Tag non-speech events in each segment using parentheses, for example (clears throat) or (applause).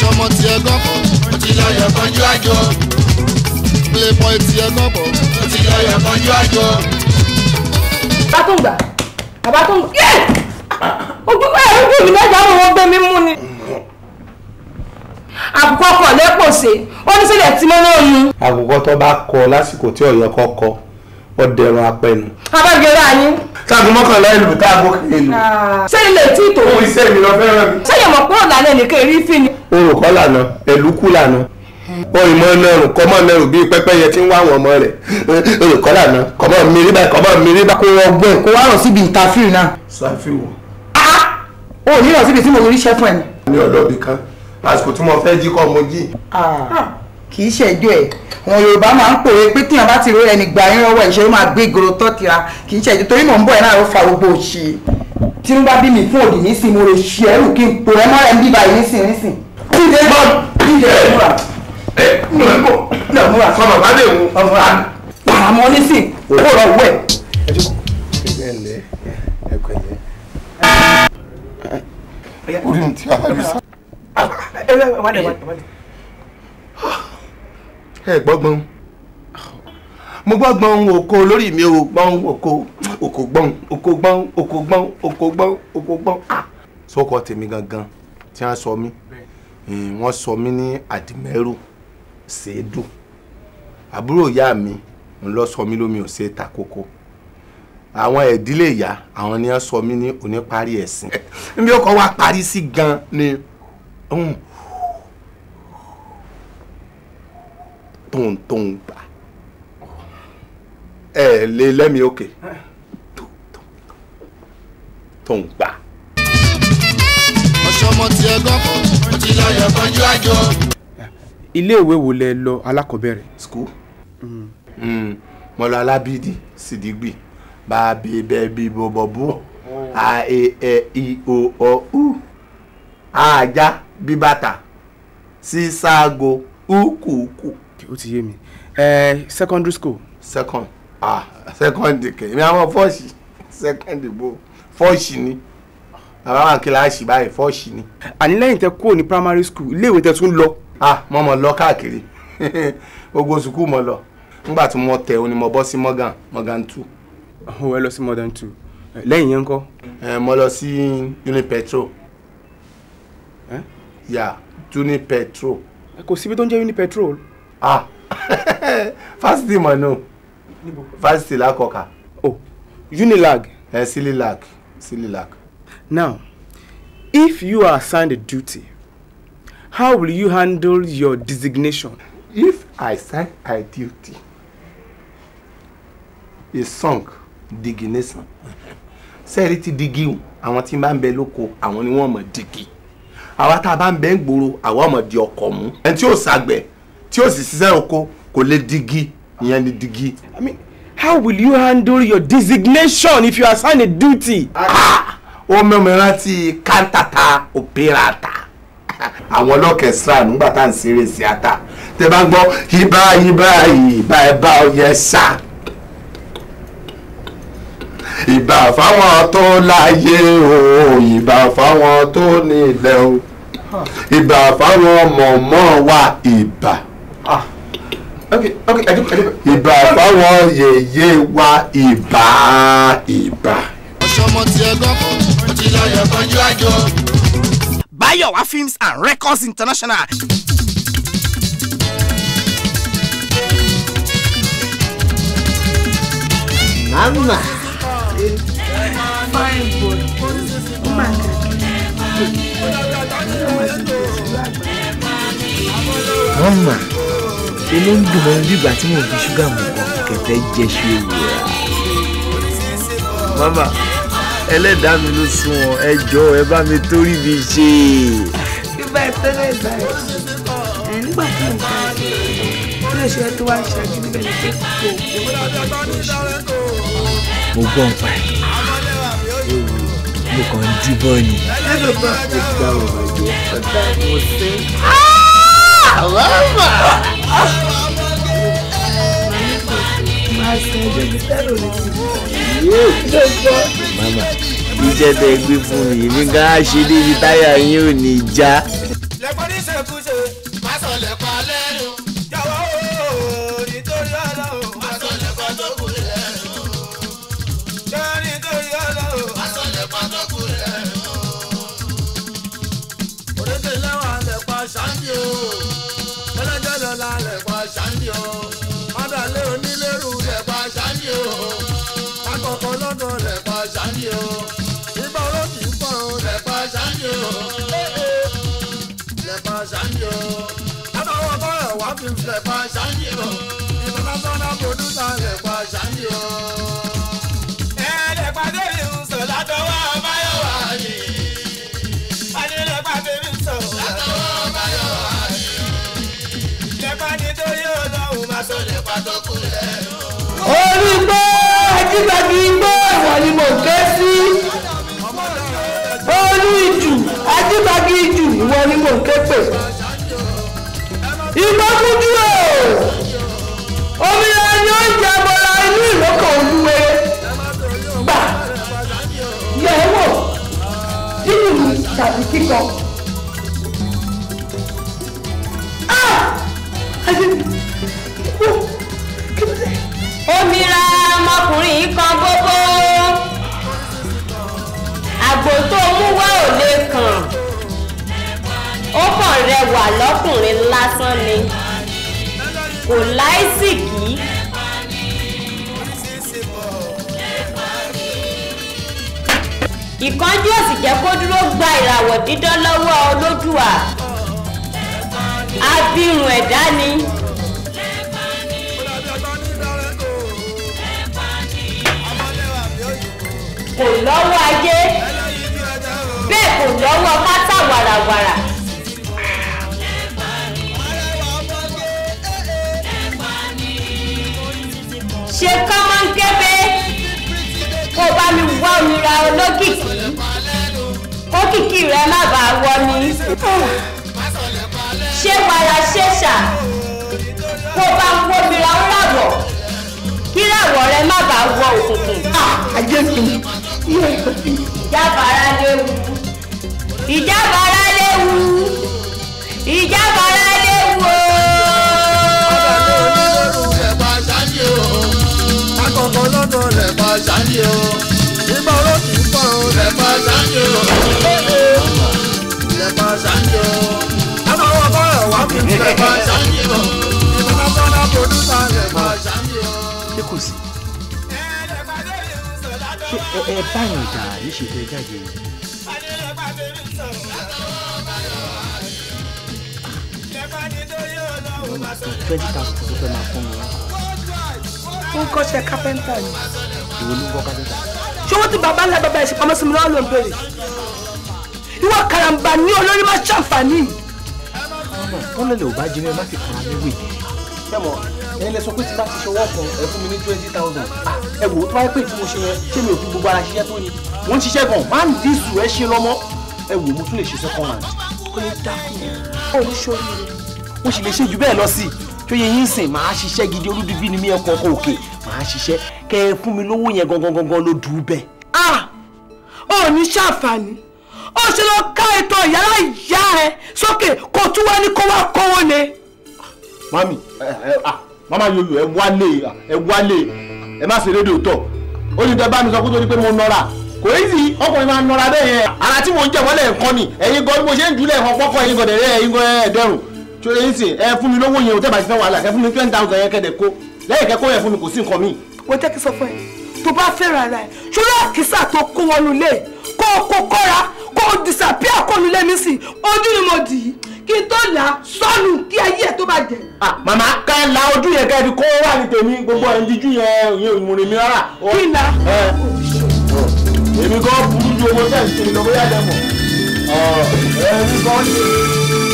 sọmọ tiẹ̀ gan bọ̀ ó ti lọ yẹ kọjú àjọ. playboy tiẹ̀ gan bọ̀ ó ti lọ yẹ kọjú àjọ. bàbá tó ń gbà bàbá tó ń gbà ogún báyìí ó gbé mi lẹ́jà ó wọ́n gbé mi mú ni. àkùkọ kọ lẹ́pọ̀ ṣe ó ní sílẹ̀ tí mo náà mu. àkùkọ tó bá kọ lásìkò tí ọ̀yọ́ kọ kọ ó dẹrùn apẹnu. abájọra yín táàgùn mọ́kànlá ìlú táàgùn kìlú. ṣé ilé tí tòun. ohun iṣẹ́ mi lọ fẹ́ràn mi. ṣé yẹ̀mọ̀ pé ọ̀làlẹ́ nìkan èrí fi orò kọ́ lànà ẹ̀lú kú lànà ohun ìmọ̀ nọrùn kọ́ mọ́ nọrùn bíi pẹ́pẹ́yẹ tí ń wá àwọn ọmọ rẹ̀ orò kọ́ lànà kọ́ mọ́ mi rí báyìí kọ́ mọ́ mi rí báyìí. kò ọgbẹ́ kò wá rọ̀ síbi ìtafíì náà. ṣàfihàn. o ò ní rọ̀ síbi tí mo rí sẹ́fún ẹ̀. ní ọ̀dọ̀ ibì kan àsìkò tí mo fẹ́ jí kọ́ mo jí. kì í ṣẹjọ́ ẹ̀ àwọn Yorùbá máa ń pòwe pé tíyan bá ti rí ẹni gbà yín lọ́wọ́ ìṣe ló máa gbé ìgòrò tọ́ tira kì í ṣẹjọ́ torí mò ń bọ̀ ẹ̀ náà ló fa gbogbo òṣì tí ń bá bí mi fún òdì nísìn mo lè ṣe ẹrù kí n pò ẹ mọ́ra ẹ̀ ń bíbá yìí nísìn nísìn kíde mọ kíde múra. ẹ múra ń bọ̀ múra múra sọ bàbá lè wo. ọmọra pàmò nísìn kó lọ wẹ. ẹ ǹlẹ́ ẹ pẹ̀lẹ́. orí mi ti alábi sá. ẹ ẹ wà lẹ wà lẹ. ẹ gbọ́gbọ́n mo gbọ́ gbọ́n oko lórí mi o gbọ́n oko oko gbọ́n oko gbọ́n oko gbọ́n oko gbọ́n oko gbọ́n ah! sókọ tèmi gangan tí wọ́n sọ mí wọ́n sọ mí ní àdìmẹ́rù ṣèédù àbúrò ìyá mi ń lọ sọ mí lómi ò ṣe é ta kókó àwọn ìdílé ìyá àwọn ni wọ́n sọ mí ní oníparí ẹ̀sìn (laughs) níbi ó kọ́ wá parí sí gan ni tóun gbà ẹ lè lẹ́mìí òkè tóun gbà. ọ̀ṣọ́mọ tiẹ̀ gọ́kọ̀ ti lọ yọ kọjú àjò. ilé ìwé wo lẹ lọ alákọ̀ọ́bẹ̀rẹ̀. school mm. Mm. mo lọ alábídì sídìgbì bá a bí bẹ́ẹ̀ bí bọ́bọ́ bú oh. a e ẹ i o ọ u ajá bí bàtà síságo ukùkù. ó ti yé mi eh, secondary school. second ah second kẹ̀ mi àwọn fọ́ọ̀ṣì second bó fọ́ọ̀ṣì ni bàbá wa kí láàṣì báyìí fọ́ọ̀ṣì ni. àní lẹ́yìn tẹ kúrò ní primary school iléèwé tẹ tún lọ. ah mo mọ̀ lọ káàkiri (laughs) gbogbo sùkúù mo lọ nígbà tí mo tẹ̀ òní mo bọ́ sí Morgan Morgan two. ọ̀hún ẹ lọ sí Morgan two lẹ́yìn yẹn ń kọ́. ẹ mo lọ sí Unipetrol. ẹ. yà Unipetrol. kò síbi tó ń jẹ́ Unipetrol. ah (laughs) fásitì mọ̀ nù fásitì lákọ̀ọ́ka. oh Unilag. ẹ sililag. sílílag. Now, if you are assigned a duty, how will you handle your designation? If I sign a duty, a song, digination, sẹ́ẹ̀rí ti digi I want him bá ń I want him ni wọ́n digi àwa tá a bá ń bẹ ń gbòòrò àwa mọ̀ di ọkọ̀ mú ẹni tí yóò oko kò lè digi ìyẹn ni digi. I mean, how will you handle your designation if you assign a duty? Ah! ó mẹ́mìíràn ti kántàtà òpérata àwọn ọlọ́kẹ̀sìrà nígbà tá à ń ṣeré sí ata tẹ bá ń gbọ́ ibà ibà ibà ibà ọyẹ ṣá ìbà fáwọn tó láyé o ìbà fáwọn tó ní ilẹ̀ o ìbà fáwọn mọ̀mọ́ wa ìbà ìbà fáwọn yèyé wa ìbà ìbà. ọ̀ṣọ́mọ tiẹ̀ gọ́kàn ti lọ yọ kánjú àjò. Bayowa Films and Records International. Mama. Mama. Mama, inú ń dùn mọ́ bí ìgbà tí mo fi ṣúgà mú kàn kẹ̀kẹ́ jẹ́ ṣe òwúrọ̀. Mama ẹlẹ́dàá mi ló sún wọn ẹ jọ̀ọ́ ẹ bá mi torí mi ṣe. bíbá ẹ tẹ́lẹ̀ ìgbà ẹ̀ ẹ̀ nígbà tí mo bá ẹ ó lè ṣe tó wá ṣáájú níbẹ̀ ní pé kò mo gbọ́ ń pa ẹ̀ mo kàn ń díbọ̀ ni. ẹ lọ bá ẹ gbà wọ̀ ọ̀jọ́ ọ̀dà mo ṣe. àwọn ọmọ. máa ṣe ẹjọ́ gbígbẹ́ lórí ti. yóò gbọ́ màmá jíjẹ́ tẹ gbé fún mi èmi gan á ṣe débi táyà yín ò ní já. o fìlẹ̀pà ṣáyé o látàwọn bọ́ọ̀lù wá fi fìlẹ̀pà ṣáyé o international producer fìlẹ̀pà ṣáyé o. ẹ̀ẹ́dẹ̀pà débi ń sọ látọwọ́ ọbáyọ̀wá yìí. adélẹ́pà débi ń sọ látọwọ́ ọbáyọ̀wá yìí. lẹ́pà nítorí olóhùn máa sọ lẹ́pà tó kù lẹ́. olùgbọ́ ajígbàgbé gbọ́ ẹ̀wọ̀n ni mo ké sí. olùgbọ́ ajíbagi jù ìwọ ni mò ń ké pè ìgbọ́kújú o omi ẹni oúnjẹ bọra inú ìlọ́kọ̀ olúwe gbà yẹ̀ ẹ́ wò nínú mi tàbí kíkọ. Ah! Omira ọmọkùnrin kan gbogbo. ó kàn rẹwà lọ́kùnrin lásán ni kò láìsìkì. ìkánjú òsì jẹ́ kó dúró gba ìràwọ̀ dídán lọ́wọ́ olódùà abirùn ẹ̀dá ni. kò lọ́wọ́ ajé bẹ́ẹ̀ kò lọ́wọ́ pátá wàràwàrà. ṣe kọ́mọ́ńkébé kó bá mi wá òmìnira olókìkí kókìkí rẹ má bàa wọ ni ṣé wàrà ṣèṣà kó bá ń wómìnira ńlàbọ̀ kí làwọ̀ rẹ má bàa wọ òkùnkùn. Ah, ajé mi ìjábára léwu ìjábára léwu ìjábára. o nígbà olóòtú pọ̀ o lẹ́pà sáńjì o lẹ́pà sáńjì o ẹnu ọwọ́ bọ́ọ̀lù wà mí lẹ́pà sáńjì o international producer lẹ́pà sáńjì o. ṣé kò sí ṣé ẹ báyìí dà níṣẹ́ ìfẹ́ jáde yìí. twenty thousand tó fẹ́ máa fún mi wá ń kọ́ṣẹ́ kápẹ́ńtà ni. ìwọ ló ń kọ́ kápẹ́ńtà. ṣòwò tí bàbá ńlá bàbá ẹ̀sìn pamọ́ sí mi ló ń bèrè. ìwọ karambà ní olórí má ṣàǹfààní. wọ́n lọ́lẹ̀ ò bá jẹ́ mi má fi kọ́ra mi wè. bẹ́ẹ̀mọ̀ ẹ̀yin lẹ sọ pé tí bá ti ṣọwọ́ kan ẹ fún mi ní twenty thousand. Ah, ẹ wò ó tó wáyé pé tí mo ṣe yẹn ṣé mi ò fi gbogbo ara ṣiṣẹ́ tó ni. mò ń ṣiṣẹ́ gan máa ń dísù ẹ ṣe lọ́mọ. ẹ wò mo tún lè ṣe second hand. ó lè dá ní ṣoríire. mo tó yẹ yín sìn máa ṣiṣẹ́ gidi olúdibí ni mí ẹ̀kọ́ ọkọ̀ òkè máa ṣiṣẹ́ kẹ́ ẹ fún mi lówó yẹn gangan gangan ló dùn bẹ́ẹ̀. a ò ní ṣàǹfààní ó ṣe lọ ká ètò ìyára ìyá ẹ sókè kó tún wá ní kó wá kówó le. mami mama yoyo ẹ wálé ẹ wálé ẹ má ṣe rédíò tọ olùdẹ bá mi sọ kó tó di pé mo nọra kò í sí ọkùnrin máa nọra bẹ́ẹ̀ yẹn ara tí mo ń jẹ̀ wọ́lẹ̀ nǹkan ni ẹ̀yin gan bí mo ṣe ń dúlẹ̀ ẹ̀kan pọ́kọ́ ẹ̀yin gan dẹ̀rẹ́ ẹ̀yin gan ẹ̀ẹ́dẹ́rùn ṣe é sìn ẹ fún mi lówó yẹn o tẹ́bà ti fẹ́ wàhálà ẹ fún mi twenty thousand yẹn kẹ́dẹ̀ kó lẹ́yìn kẹ́kọ́ yẹn fún mi kò sí nǹkan mi. mo jẹ́ kí sọ fún ẹ tó bá fẹ́ràn ara ẹ ṣọlá àkísà tó kó wọnú lé kó o kó kọ́ra kó o disappear kó nu lé mi sí ojú ni mo dì í kí n tó là á kí ayé ẹ tó bá jẹ. Ah, màmá ká la ojú yẹn ká kó wà ní tèmi gbogbo ẹ̀ ń dijú yẹn ìyẹn rárá. kí n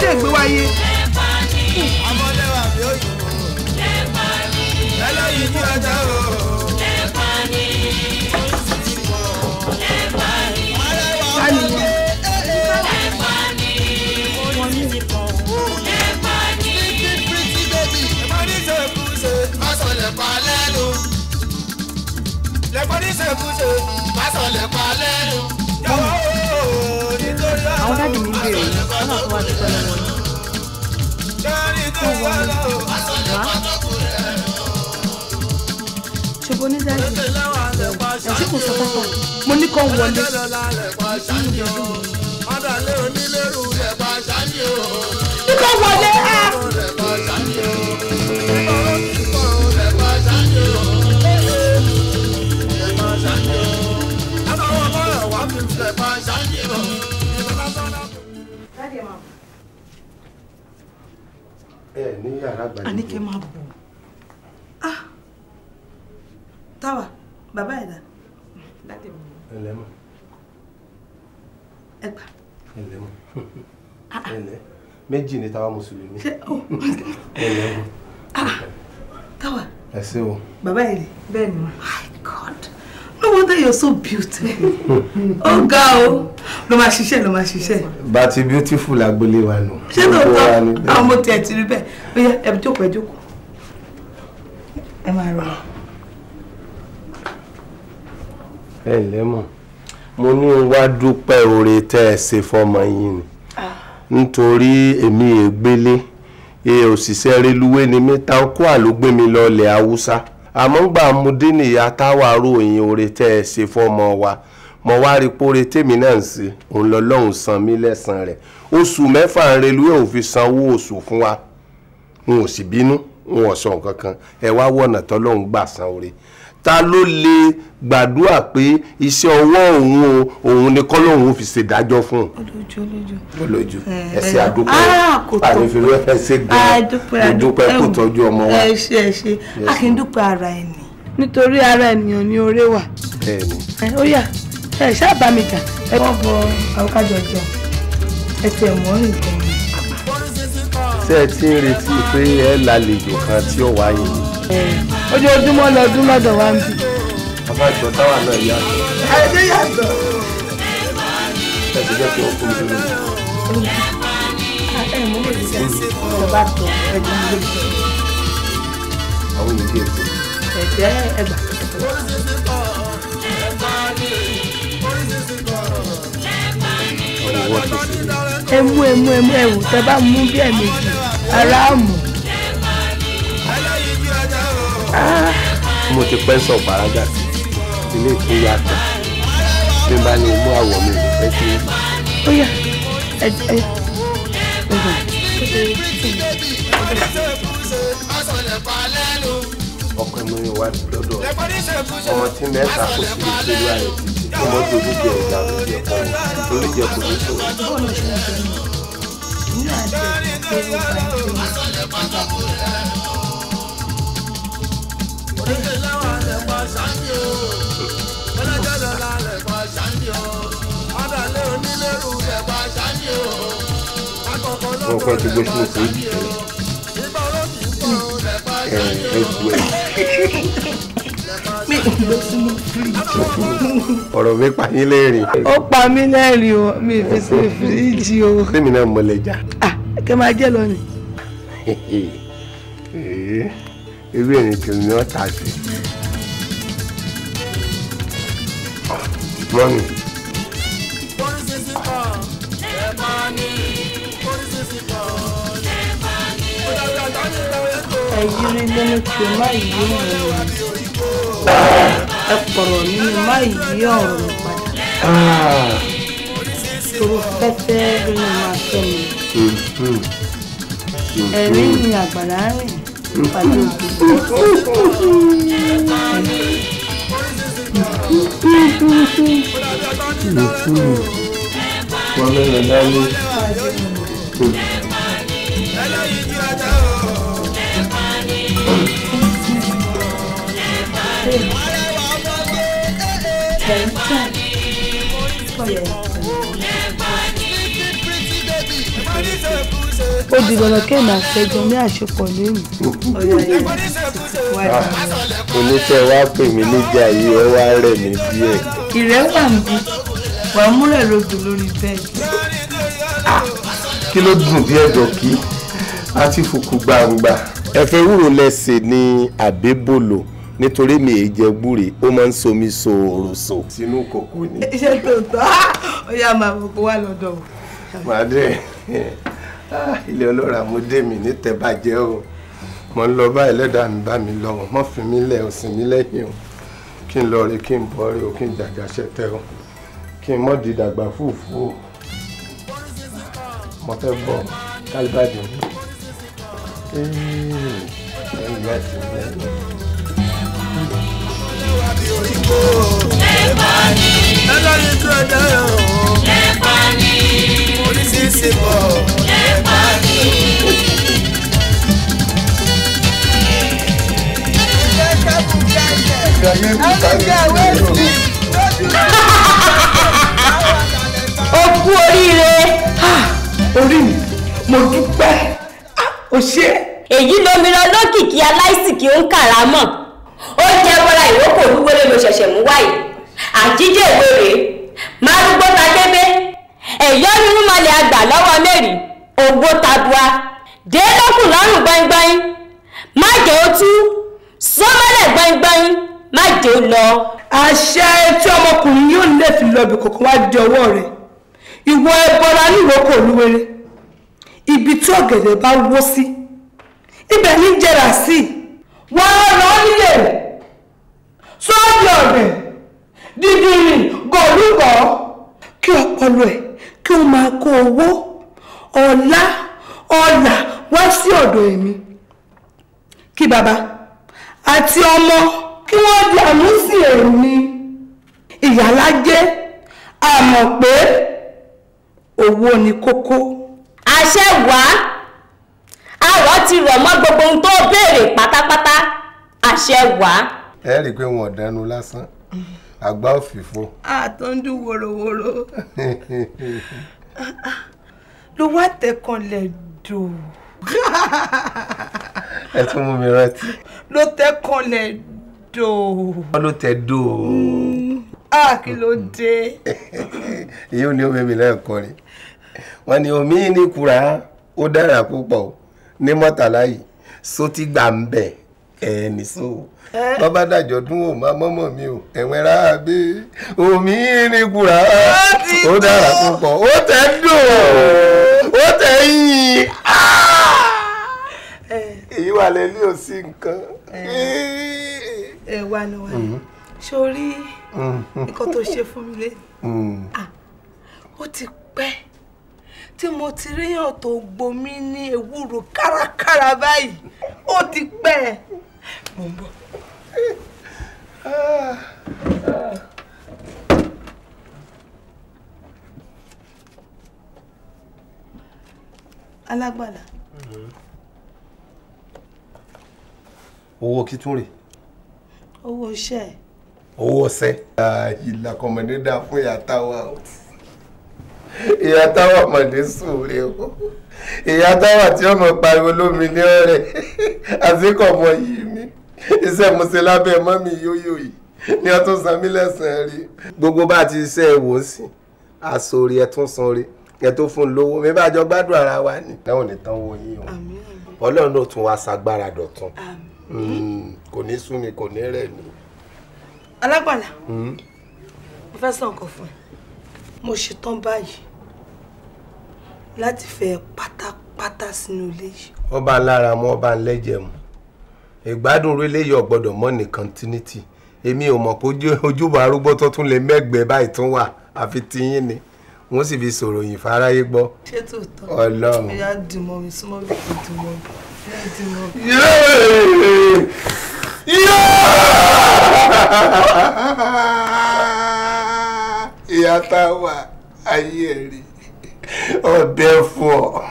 ṣe gbé wáyé. lẹ́kọ́ ní ṣèkúṣe pásọ̀ lè pa lẹ́nu. àwọn dáàbì mi bèrè lọ́nà tó wá dúpẹ́ lọ́wọ́ yìí. tó wọ mi wá. ṣùgbọ́n ní dáàbì ẹ̀sìn kò sọ fọ́fọ́ mo ní kó wọlé. ní kó wọlé ah! á. ní yàrá àgbàlejò. àníkẹ́ máa bọ̀ ah táwa bàbá ẹ̀dá dáàdì mi. ẹlẹ́mọ̀. ẹgbà. ẹlẹ́mọ̀ ah, ah. ẹlẹ́ méjì ni táwa mùsùlùmí. Oh. ẹlẹ́mọ̀. Ah, táwa. ẹ ṣé o. bàbá ẹ̀dá bẹ́ẹ̀ ni ma. my god no wonder you're so beautiful. ó ga o ló máa ṣiṣẹ́ ló máa ṣiṣẹ́. bàtí beautiful agboolé wa nù. ṣé lóòótọ́ àwọn ọmọ tiẹ̀ ti rí bẹ́ẹ̀ bóyá ẹ jókòó ẹ jókòó ẹ máa rọ. ẹ ǹlẹ́ mọ̀ mo ní wá dúpẹ́ oore tẹ́ ẹ ṣe fọmọ yín ni ah. nítorí èmi ègbélé e òṣìṣẹ́ reluwé ni mi ta ọkọ́ àlógbé mi lọ haúsá àmọ́ gbà mo dé nìyá táwa ròyìn oore tẹ́ ẹ ṣe fọmọ wa mo wá rí póre tèmi náà ń ṣe òun lọ́lọ́run san mí lẹ́sàn-án rẹ̀ oṣù mẹ́fà ń relúwé òun fi sanwó oṣù fún wa n ò sì bínú n ò sọ nǹkan kan ẹ wá wọ̀nà tọ́lọ́run gbà san oore ta ló lè gbàdúrà pé iṣẹ́ ọwọ́ òun o òun ni kọ́lọ́hún fi ṣèdájọ́ fún un. olójú olójú ẹsẹ̀ àdúpẹ́ àrífẹ́lú ẹsẹ̀ gan àdúpẹ́ kò tọ́jú ọmọ wa. ẹ ṣe ẹ ṣe a kì í dúpẹ́ nítorí ara ènìyàn ni oore wà. bẹ́ẹ̀ni. ó yá ẹ ṣáà bá mi jà ẹ wọ́n bọ àwòkájọ jọ ẹ tiẹ̀ mọ́ nìkan. ṣé ẹ ti ń retí pé ẹ lálejò kan tí ó wáyé. ojoojúmọ́ lọ́dún lọ́dọ̀ wa ń bì. bàbá ìjọ táwa náà yàtọ̀. àìdé yàtọ̀. ẹ ti jẹ́ kí wọ́n kún un lórí. ẹ mú lè ṣe ìjọba tó ẹ̀dùn lórí. àwọn ènìyàn ti ẹ̀ tó. ẹ̀jẹ̀ ẹgbàá. ọwọ́ tó ti rí. ẹ mú ẹ mú ẹ mú ẹ wò tẹ bá mú bí ẹ méjì ara mú. Ah. mo ti pẹ́ sọ bàrágà ilé ìpín yàtọ̀ bí n bá ní mú àwọ̀ mi ò fẹ́ kí. ó yà ẹ ẹ ẹ ọkọ mi wá lọ́dọ̀ ọmọ tí mẹ́ta kò sí lè ṣe lóra rẹ̀ títí kí wọ́n dojú jẹ ìjà lójú ẹ̀kọ́ wọn lórí jẹ kò ní sòrò. Mo fẹ́ ti gbé sínú fún ìdíje ọ̀rọ̀ mi pa yín lẹ́rìn. ó pa mí lẹ́rìn o mi ì fi sí fíríjì o. sẹ́mi náà mo lè jà. Ah, kẹ́ máa jẹ́ lọ ni. (laughs) ewé ẹ̀rín tèmi ni ta sí. mọ́mí. yiri lẹ́nu tí o má yí ọ̀rọ̀ rẹ̀ ẹ pọ̀rọ̀ nínú má yí ọ̀rọ̀ rẹ̀ padà. toro fẹ́fẹ́ rinú máa fẹ́ mi ẹ̀rín ni àgbàlá rìn ìpàdé òkú. Wọ́n lè lọ dá lé. ó di dandan kẹ́mi àṣẹjọ ní àṣepọ̀ lónìí. Ah, oníṣẹ́ wa pè mí níjà yìí ẹ wá rẹ̀ mí díẹ̀. ìrẹ́wà ń bí wàá múlẹ̀ lójú lórí bẹ́ẹ̀dì. Ah, kí ló dùn bí ẹ̀dọ̀ kí a ti fòkù gbangba. ẹ̀fẹ̀ wúrò lẹ́sẹ̀ ni àbẹ́bòlò nítorí mi è jẹ gbúre ó máa ń somi so òrò so. tinú kòkó ni. ṣé tòótọ́ ó yá máa mọ̀ kó wà lọ́dọ̀ o. màdé ilé ọlọ́ra mo dé mi ní tẹ́bàjẹ́ o mo ń lọ bá ẹlẹ́dàá mi bá mi lọ mọ́ fi mí lẹ̀ ò sìn mí lẹ́yìn o kí n lọ rí kí n bọ́ rí o kí n jàjà ṣẹtẹ o kí n mọ́ di dàgbà fùfú o mo fẹ́ bọ̀ kálíbàdì mi. ẹ̀yìn dé bọ̀. ẹ pa ni. ẹ ká mú káyọ̀. ẹnìkẹ́ wẹ́ẹ̀sì lójú. o kú oríire orí mi mo dúpẹ́ o ṣe. èyí lómìnira lókìkí aláìsìkí ń kàrámọ̀ ó jẹ́ bọ́lá ìrókò olúwẹ́rẹ́ ló ṣẹ̀ṣẹ̀ mú wáyé àjíjẹ́ ìwé rèé márùgbó ta débé ẹ̀yọ́ nínú malẹ̀ àgbà lọ́wọ́ mẹ́rin ògbó tabua dé lọ́rùn gbáyìngbáyìn má jẹ́ ó tú sọ́mọ́lẹ̀ gbáyìngbáyìn má jẹ́ ó lọ. àṣẹ tí ọmọkùnrin yóò lè fi lọ ibìkọ̀kọ̀ wá di ọwọ́ rẹ̀ ìwọ ibi tí ọ̀gẹ̀dẹ̀ bá wó sí ibẹ̀ ní sí i wọ́n nílé sọ́ọ̀dì ọ̀gbẹ̀ dídìrín ọpọlọ ẹ̀ kí o máa kó owó ọlá ọlà wá sí ọ̀dọ̀ èmi kí bàbá àti ọmọ kí wọ́n di àmúsì èrò mi ìyálájé àmọ̀ pé owó ni kókó. àṣẹ wàá àrò ti rọ̀ mọ́ gbogbo ohun tó béèrè pátápátá àṣẹ wàá. ẹ rí i pé wọn ò dẹnu lásán àgbá òfìfo. àtọ́ndún wòròwòrò ló wá tẹ̀kànlẹ̀ dò. ẹ tún mú mi rántí. ló tẹ̀kànlẹ̀ dò. wọ́n ló tẹ̀ dò. ah kí ló dé. èyí ò ní omi mi náà kọ ni wọ́n ní omi ní kura ó dára púpọ̀ ní mọ́tàlá yìí só ń bẹ̀ ẹ̀ ní sóò bàbá dàjọ dún ò máa mọ́mọ́ mi o ẹ̀wẹ̀n rà bí omi irin kura ó dára púpọ̀ ó tẹ̀ dùn ó tẹ̀ yìn èyí wà lẹ́lí ò sí nǹkan. ẹ wà ní wà ní sórí nǹkan tó ṣe fún mi lé mm. ó ti pẹ́ tí mo ti ríyàn tó gbomi ní ewúro kárakára báyìí ó ti pẹ́ ẹ̀ mo ń bọ̀. alágbàlá. owó kí tún rè. owó iṣẹ́ ẹ̀. owó ọ̀sẹ̀. ìlà kọ̀mọ̀dé dá fún ìyá táwa o ìyá táwa mọ̀dé sùúrè o ìyá táwa tí ọmọ pariwo lómi ní ọ̀rẹ́ àti kọ̀mọ yìí ni iṣẹ́ mo ṣe lábẹ́ mọ́mì yóyó yìí ni wọ́n tún san mí lẹ́sàn-án rí gbogbo bá ti iṣẹ́ ìwò sí àsòrí ẹ̀ tún san rí ẹ̀ tó fún un lówó mi bá jọ gbádùn ara wa ni. táwọn ò ní tán wo yín o ọlọ́run ló tún wá ṣagbára dọ̀tun hmm, kò ní sú mi kò ní rẹ̀ mi. alágbàlá hmm? mo fẹ́ sọ nǹkan fún ẹ mo ṣetán báyìí láti fẹ́ pátápátá sínú ilé yìí. ọba alára mọ ọba ńlẹ́jẹ̀ mu ìgbádùn orílẹ̀ yìí ọ̀gbọ́dọ̀ mọ́ ní continuity èmi ò mọ̀ pé ojúbọ arúgbó tó tún lè mẹ́gbẹ̀ẹ́ báyìí tún wà àfi tiyín ni wọ́n sì fi sọ̀rọ̀ yìí fáráyé gbọ́. ṣé tòótọ́ ọlọ́run ìyá dùnmọ́ mi súnmọ́ bí kò dùnmọ́ mi ìyá dùnmọ́ mi. ìyá táwa ayé rí ọ̀dẹ́ fún ọ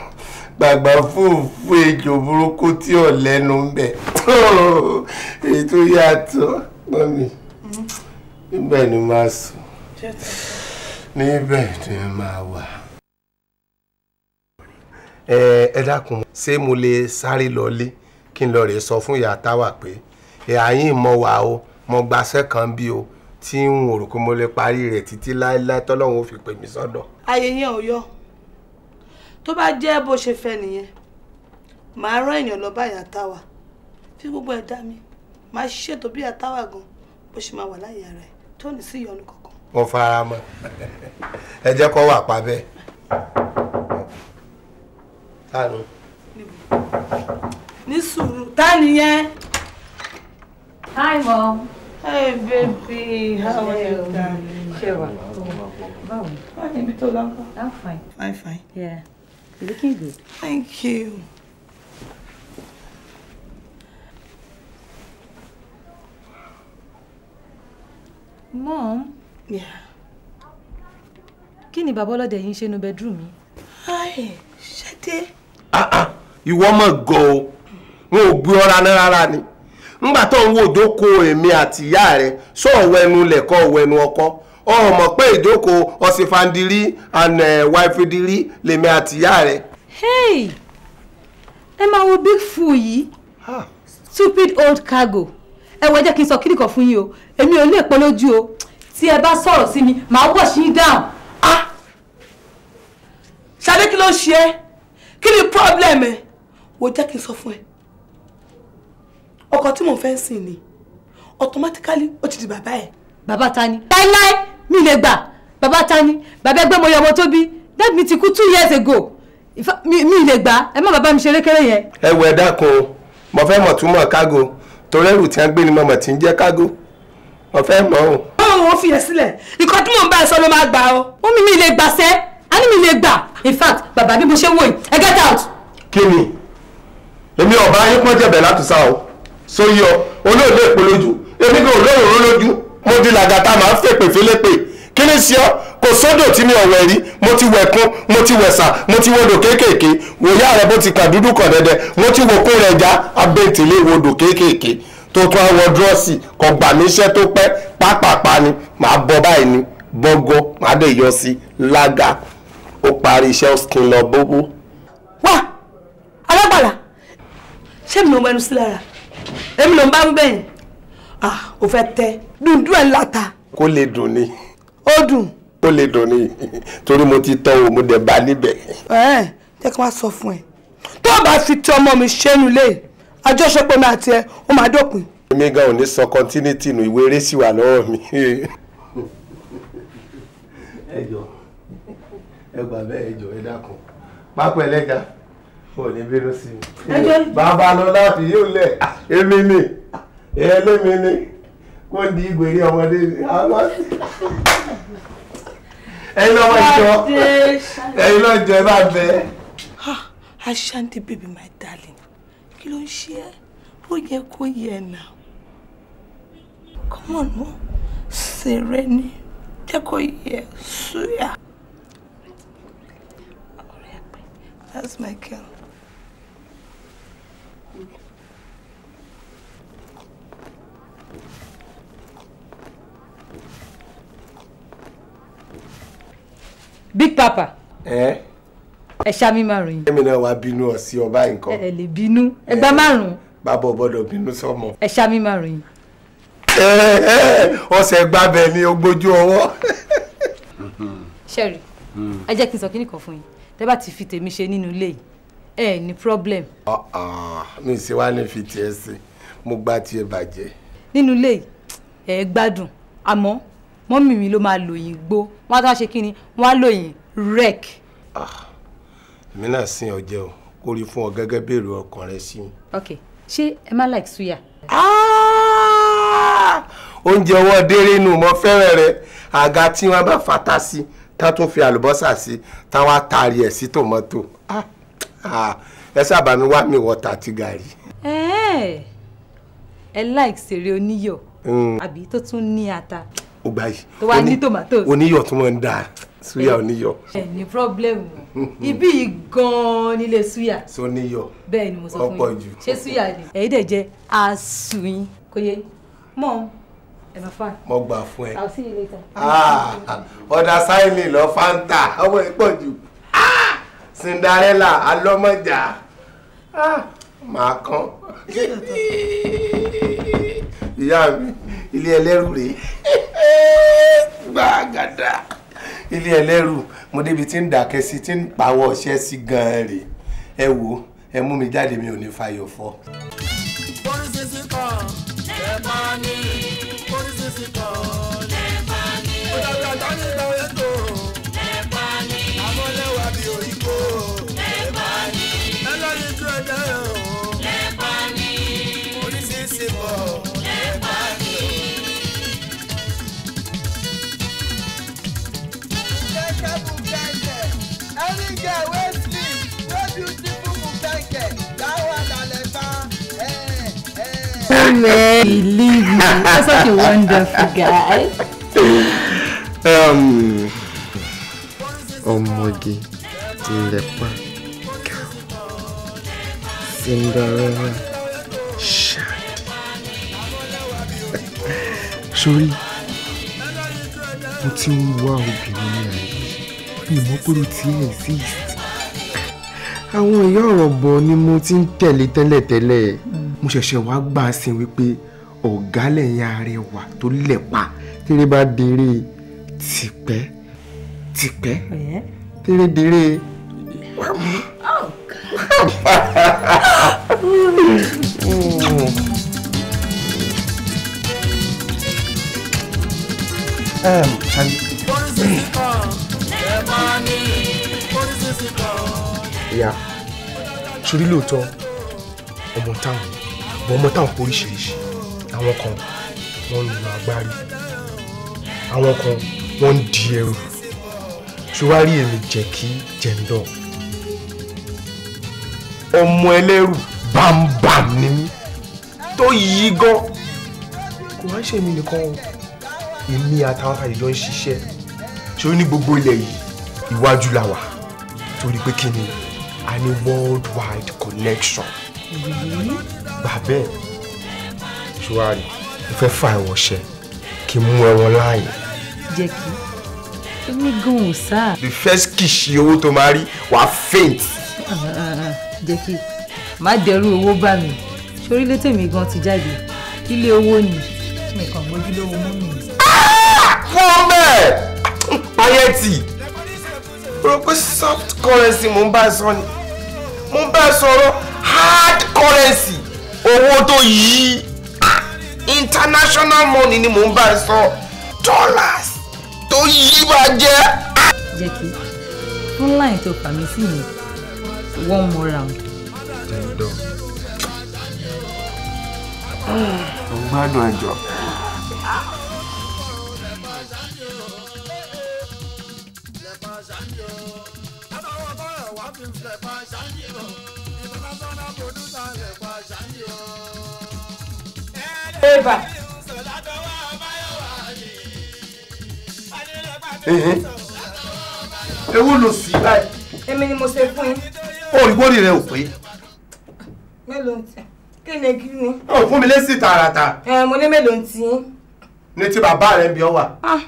gbàgbà fòfò ejò burúkú tí ò lẹ́nu ń bẹ̀ (laughs) èyí tó yàtọ̀ gbọ́n mi níbẹ̀ ni máa sùn níbẹ̀ ni máa wà. ẹ dákun ṣé mo lè sáré lọlé kí n lọ rè sọ fún ìyá táwa pé ìhà yín mọ wà o mo gbaṣẹ́ kan bí o tí n ò rò pé mo lè parí rẹ̀ títí láéláé tọ́lọ́run ó fi pè mí sọ́dọ̀. ayé yẹn tó bá jẹ́ bó ṣe fẹ́ nìyẹn màá rán èèyàn lọ bá àyàtáwà fi gbogbo ẹ̀ mi màá ṣètò bí àyàtáwà gan bó ṣe máa wà láyé ara ẹ̀ tó ní sí ìyọnu kankan. mo fara mọ́ ẹ jẹ́ kó wà pa bẹ́ẹ̀. tánu. ní sùúrù tá nìyẹn. hi mom. hey baby how are you. ṣé wà. báwo. báwo ni ibi tó lọ́kọ̀. i'm fine. i'm fine. yeah. You're looking good. Thank you. Mom. Yeah. Kini babola bàbá ọlọ́dẹ yìí ń bedroom mi? Hi, Ṣadé. Ah ah, ìwọ mọ̀ gan o. Wọn ò na ọ́ra ni. Ngbà tó ń wo ìdókòó èmi àti ìyá rẹ̀, sọ ọ̀wẹ́nu lẹ̀kọ́ ọ̀wẹ́nu ọkọ́ ọ mọ̀ pé ìjókòó ọ̀sìnfàndìrí and eh, wáìfìdìrí lèmi àtìyá rẹ̀. hey ẹ máa wo big fool yìí ah. stupid old cargo ẹ wọ ẹ jẹ́ kí n sọ kíríkọ̀ fún yín o èmi ò lè pọ́n lójú o tí ẹ bá sọ̀rọ̀ sí mi màá wọ̀ sí yín down. Ah! ṣadé kí ló ṣe é kí ni problem ẹ wò jẹ́ kí n sọ fún ẹ ọkọ tí mò fẹ́ sìn ni automatically ó ti di bàbá ẹ. bàbá ta ni. láíláí mi lè gbà bàbá tani bàbá ẹgbẹ́ mo yọ ọmọ tó bí dad mi ti two years ago mi lè gbà ẹ má bàbá mi ṣeré kéré yẹn. ẹ wọ ẹ dákun o mo fẹ́ mọ̀ túmọ̀ kágo torí ẹrù tí wọ́n gbé ni mo mọ̀ tí ń jẹ́ kágo mo fẹ́ mọ̀ o. báwo wọn fi yẹn sílẹ̀ ìkọ́ tí mò ń bá ẹ sọ ló máa gbà o. ó mi mi lè gbà sẹ́ á mi lè gbà in fact bàbá bí mo ṣe wò yìí ẹ get out. kí ni èmi ọba ayé pọ́njẹ̀bẹ̀ látùsá o sóyí ọ olóòlù èpò lójú èmi kò olóòrùn lójú mo di làgàtà máa ń fèpè félépè kí ni sí ọ kò sódò tí mi ọ̀wẹ̀ rí mo ti wẹ̀kún mo ti wẹ̀sà mo ti wodò kéékèèké wòyá rẹ bó ti kà dúdú kàn dẹ́dẹ́ mo ti wòkó rẹ̀ já abẹ́ntìlé wodò kéékèèké tó tún àwọ̀ dúrọ́ọ̀sì kò gbà mí iṣẹ́ tó pẹ́ pápápá ni màá bọ báyìí ni bọ́gọ́ màá dé yọ sí lága ó parí iṣẹ́ skin lọ bóbó. wá alágbàlá ṣé mi ló mọ ẹnu sí lára èmi ló ń bá ń bẹ̀yìn ah o fẹ́ tẹ́ dundun ẹ̀ láta. kó lè dùn ni. ó dùn. kó lè dùn ni torí mo ti tọ́ òun mo dẹ̀ bá níbẹ̀. ẹ ẹ jẹ́ kí wọ́n sọ fún ẹ tó o bá fi ti ọmọ mi ṣẹ́nu lé àjọṣepọ̀ mi àti ẹ ó máa dópin. èmi gan ò ní sọ continuity nù ìwé eré sì wà lọ́wọ́ mi. ẹ jọ ẹ gbà bẹ́ẹ̀ ẹ jọ ẹ dákun pápá ẹlẹ́ja ò ní bínú sí mi. bàbá lọ láti yóò lẹ̀ èmi ni ẹlẹ́mi ni kó di ìgbèrè ọmọdé ni ẹ̀yin lọ́mọ ìjọ ẹ̀yin lọ́mọ ìjọ ẹ bá bẹ. Ashanti baby my darling kí ló ń ṣe ẹ́ ó yẹ kó yẹ ẹ̀ come on mo serene jẹ́ kó yẹ suya. That's my girl. big papa. ẹ ẹ ṣámi márùn yìí. èmi náà wàá bínú ọ sí ọba nǹkan. ẹ lè bínú ẹgbàá márùn. bàbá ọgbọdọ bínú sọmọ. ẹ ṣámi márùn yìí. ọsẹ gbábẹ ni o gbójú ọwọ́. sẹ́rì ẹ jẹ́ kí n sọ kí nìkan fún yín tẹ́ bá ti fi tèmi ṣe nínú ilé yìí ẹ ní problem. Ah, mi ṣe wá ní fi tiẹ̀ sí mo gbá tiẹ̀ bàjẹ́. nínú ilé yìí ẹ gbádùn àmọ́ mọ́mì mi ló máa lòyìn gbó wọ́n á tó wá ṣe kí ni wọ́n á lòyìn rec. Ah, èmi náà sin ọjẹ o kó rí fún ọ gẹ́gẹ́ bí èrò ọkàn rẹ sí mi. ok ṣé ẹ má like suya. Ah! oúnjẹ ọwọ́ déré inú mọ́ fẹ́rẹ̀ rẹ àga tí wọ́n bá fata sí tá tó fi àlùbọ́sà sí táwọn àtàrí ẹ̀ sí tòmọ́tò ah, ẹ sábà mi wá mi wọ́ta ti gàrí. ẹ ẹ like ṣeré oníyọ̀ hmm. àbí tó tún ní ata ó gbá yìí. tó wá ní tomatoes. oníyọ̀ tí wọ́n ń suya oníyọ̀. ẹ ní problem ibi yìí gan-an nílé suya. so níyọ̀ bẹ́ẹ̀ ni mo sọ fún yín ọ̀pọ̀ jù. ṣé suya ni èyí dẹ̀ jẹ́ àsùnyìn kò yẹ mọ́ ẹ máa mo gbà fún ẹ. I'll see you later. Ah, ọ̀dà sáìlì lọ fanta ọmọ ìpọ̀ Ah, Cinderella alọ́mọjà ah, màá kán ìyá mi ilé ẹlẹ́rù rèé gbàgàdà ilé ẹlẹ́rù mo débi tí ń dàkẹ́ sí tí ń pawọ́ ọṣẹ́ sí gan-an rè ẹ wò ẹ mú mi jáde mi ò ní fàyọ̀ fọ́. man. Believe you. That's (laughs) such a wonderful guy. Um, ọmọge lẹ́pà Cinderella shine. Sori, mo ti ń wá obìnrin ní ayé mi mọ́ pé o ti exist. Àwọn ìyá ọ̀rọ̀ bọ̀ ni mo ti ń tẹ̀lé tẹ́lẹ̀tẹ́lẹ̀. Mm mo ṣẹ̀ṣẹ̀ wá gbà á sí wípé ọ̀gá lẹ́yìn arẹwà tó lẹ̀pa tèrè bá dèrè tìpẹ́ tìpẹ́ tèrè dèrè wàmú. Um, Charlie. lóòótọ́ ọmọ táwọn ṣùgbọ́n ọmọ táwọn oríṣiríṣi àwọn kan wọ́n ń lu agbárí àwọn kan wọ́n ń di ẹrù ṣùwárí èmi jẹ́ kí jẹ̀ndọ̀ ọmọ ẹlẹ́rù bámbàm ni mí tó yí gan kò wá ṣe mí nìkan o èmi àtàwọn àlejò ń ṣiṣẹ́ ṣé ó ní gbogbo ilẹ̀ yìí iwájú la wà torí pé kí ni a ní worldwide connection gbà bẹ́ẹ̀ ṣùwárì mo fẹ́ fà ẹ̀wọ̀ ṣẹ kí n mú ẹ̀wọ̀n láàyè. jẹ́ kí èmi gan ò sáà. the first kìsì owó tó máa rí wàá faint. Ah, ah, ah, jẹ́ kí má dẹrú owó bá mi sórí ilé tèmi gan ti jáde ilé owó ni mi kàn mójúlówó mú mi. fún bẹ́ẹ̀ payẹ́tì rò pé soft currency mo ń bá ẹ sọ ni mo ń bá ẹ sọ̀rọ̀ currency owó tó yí international money ni mò ń bá ẹ sọ dollars tó yí bá jẹ́. jẹ́ kí online tó fà mí sí mi one more round. mo gbádùn ẹjọ. eba. ewu ló sì báyìí. èmi ni mo ṣe fún yín. o rí bọ́ọ̀lì rẹ ò pé. mélòó ń tẹ kí ni kí ni. o fún mi lésì tààràtà. ẹ mo ní mélòó ń tì í. ní ti bàbá rẹ ń bí ọ wà. Ah,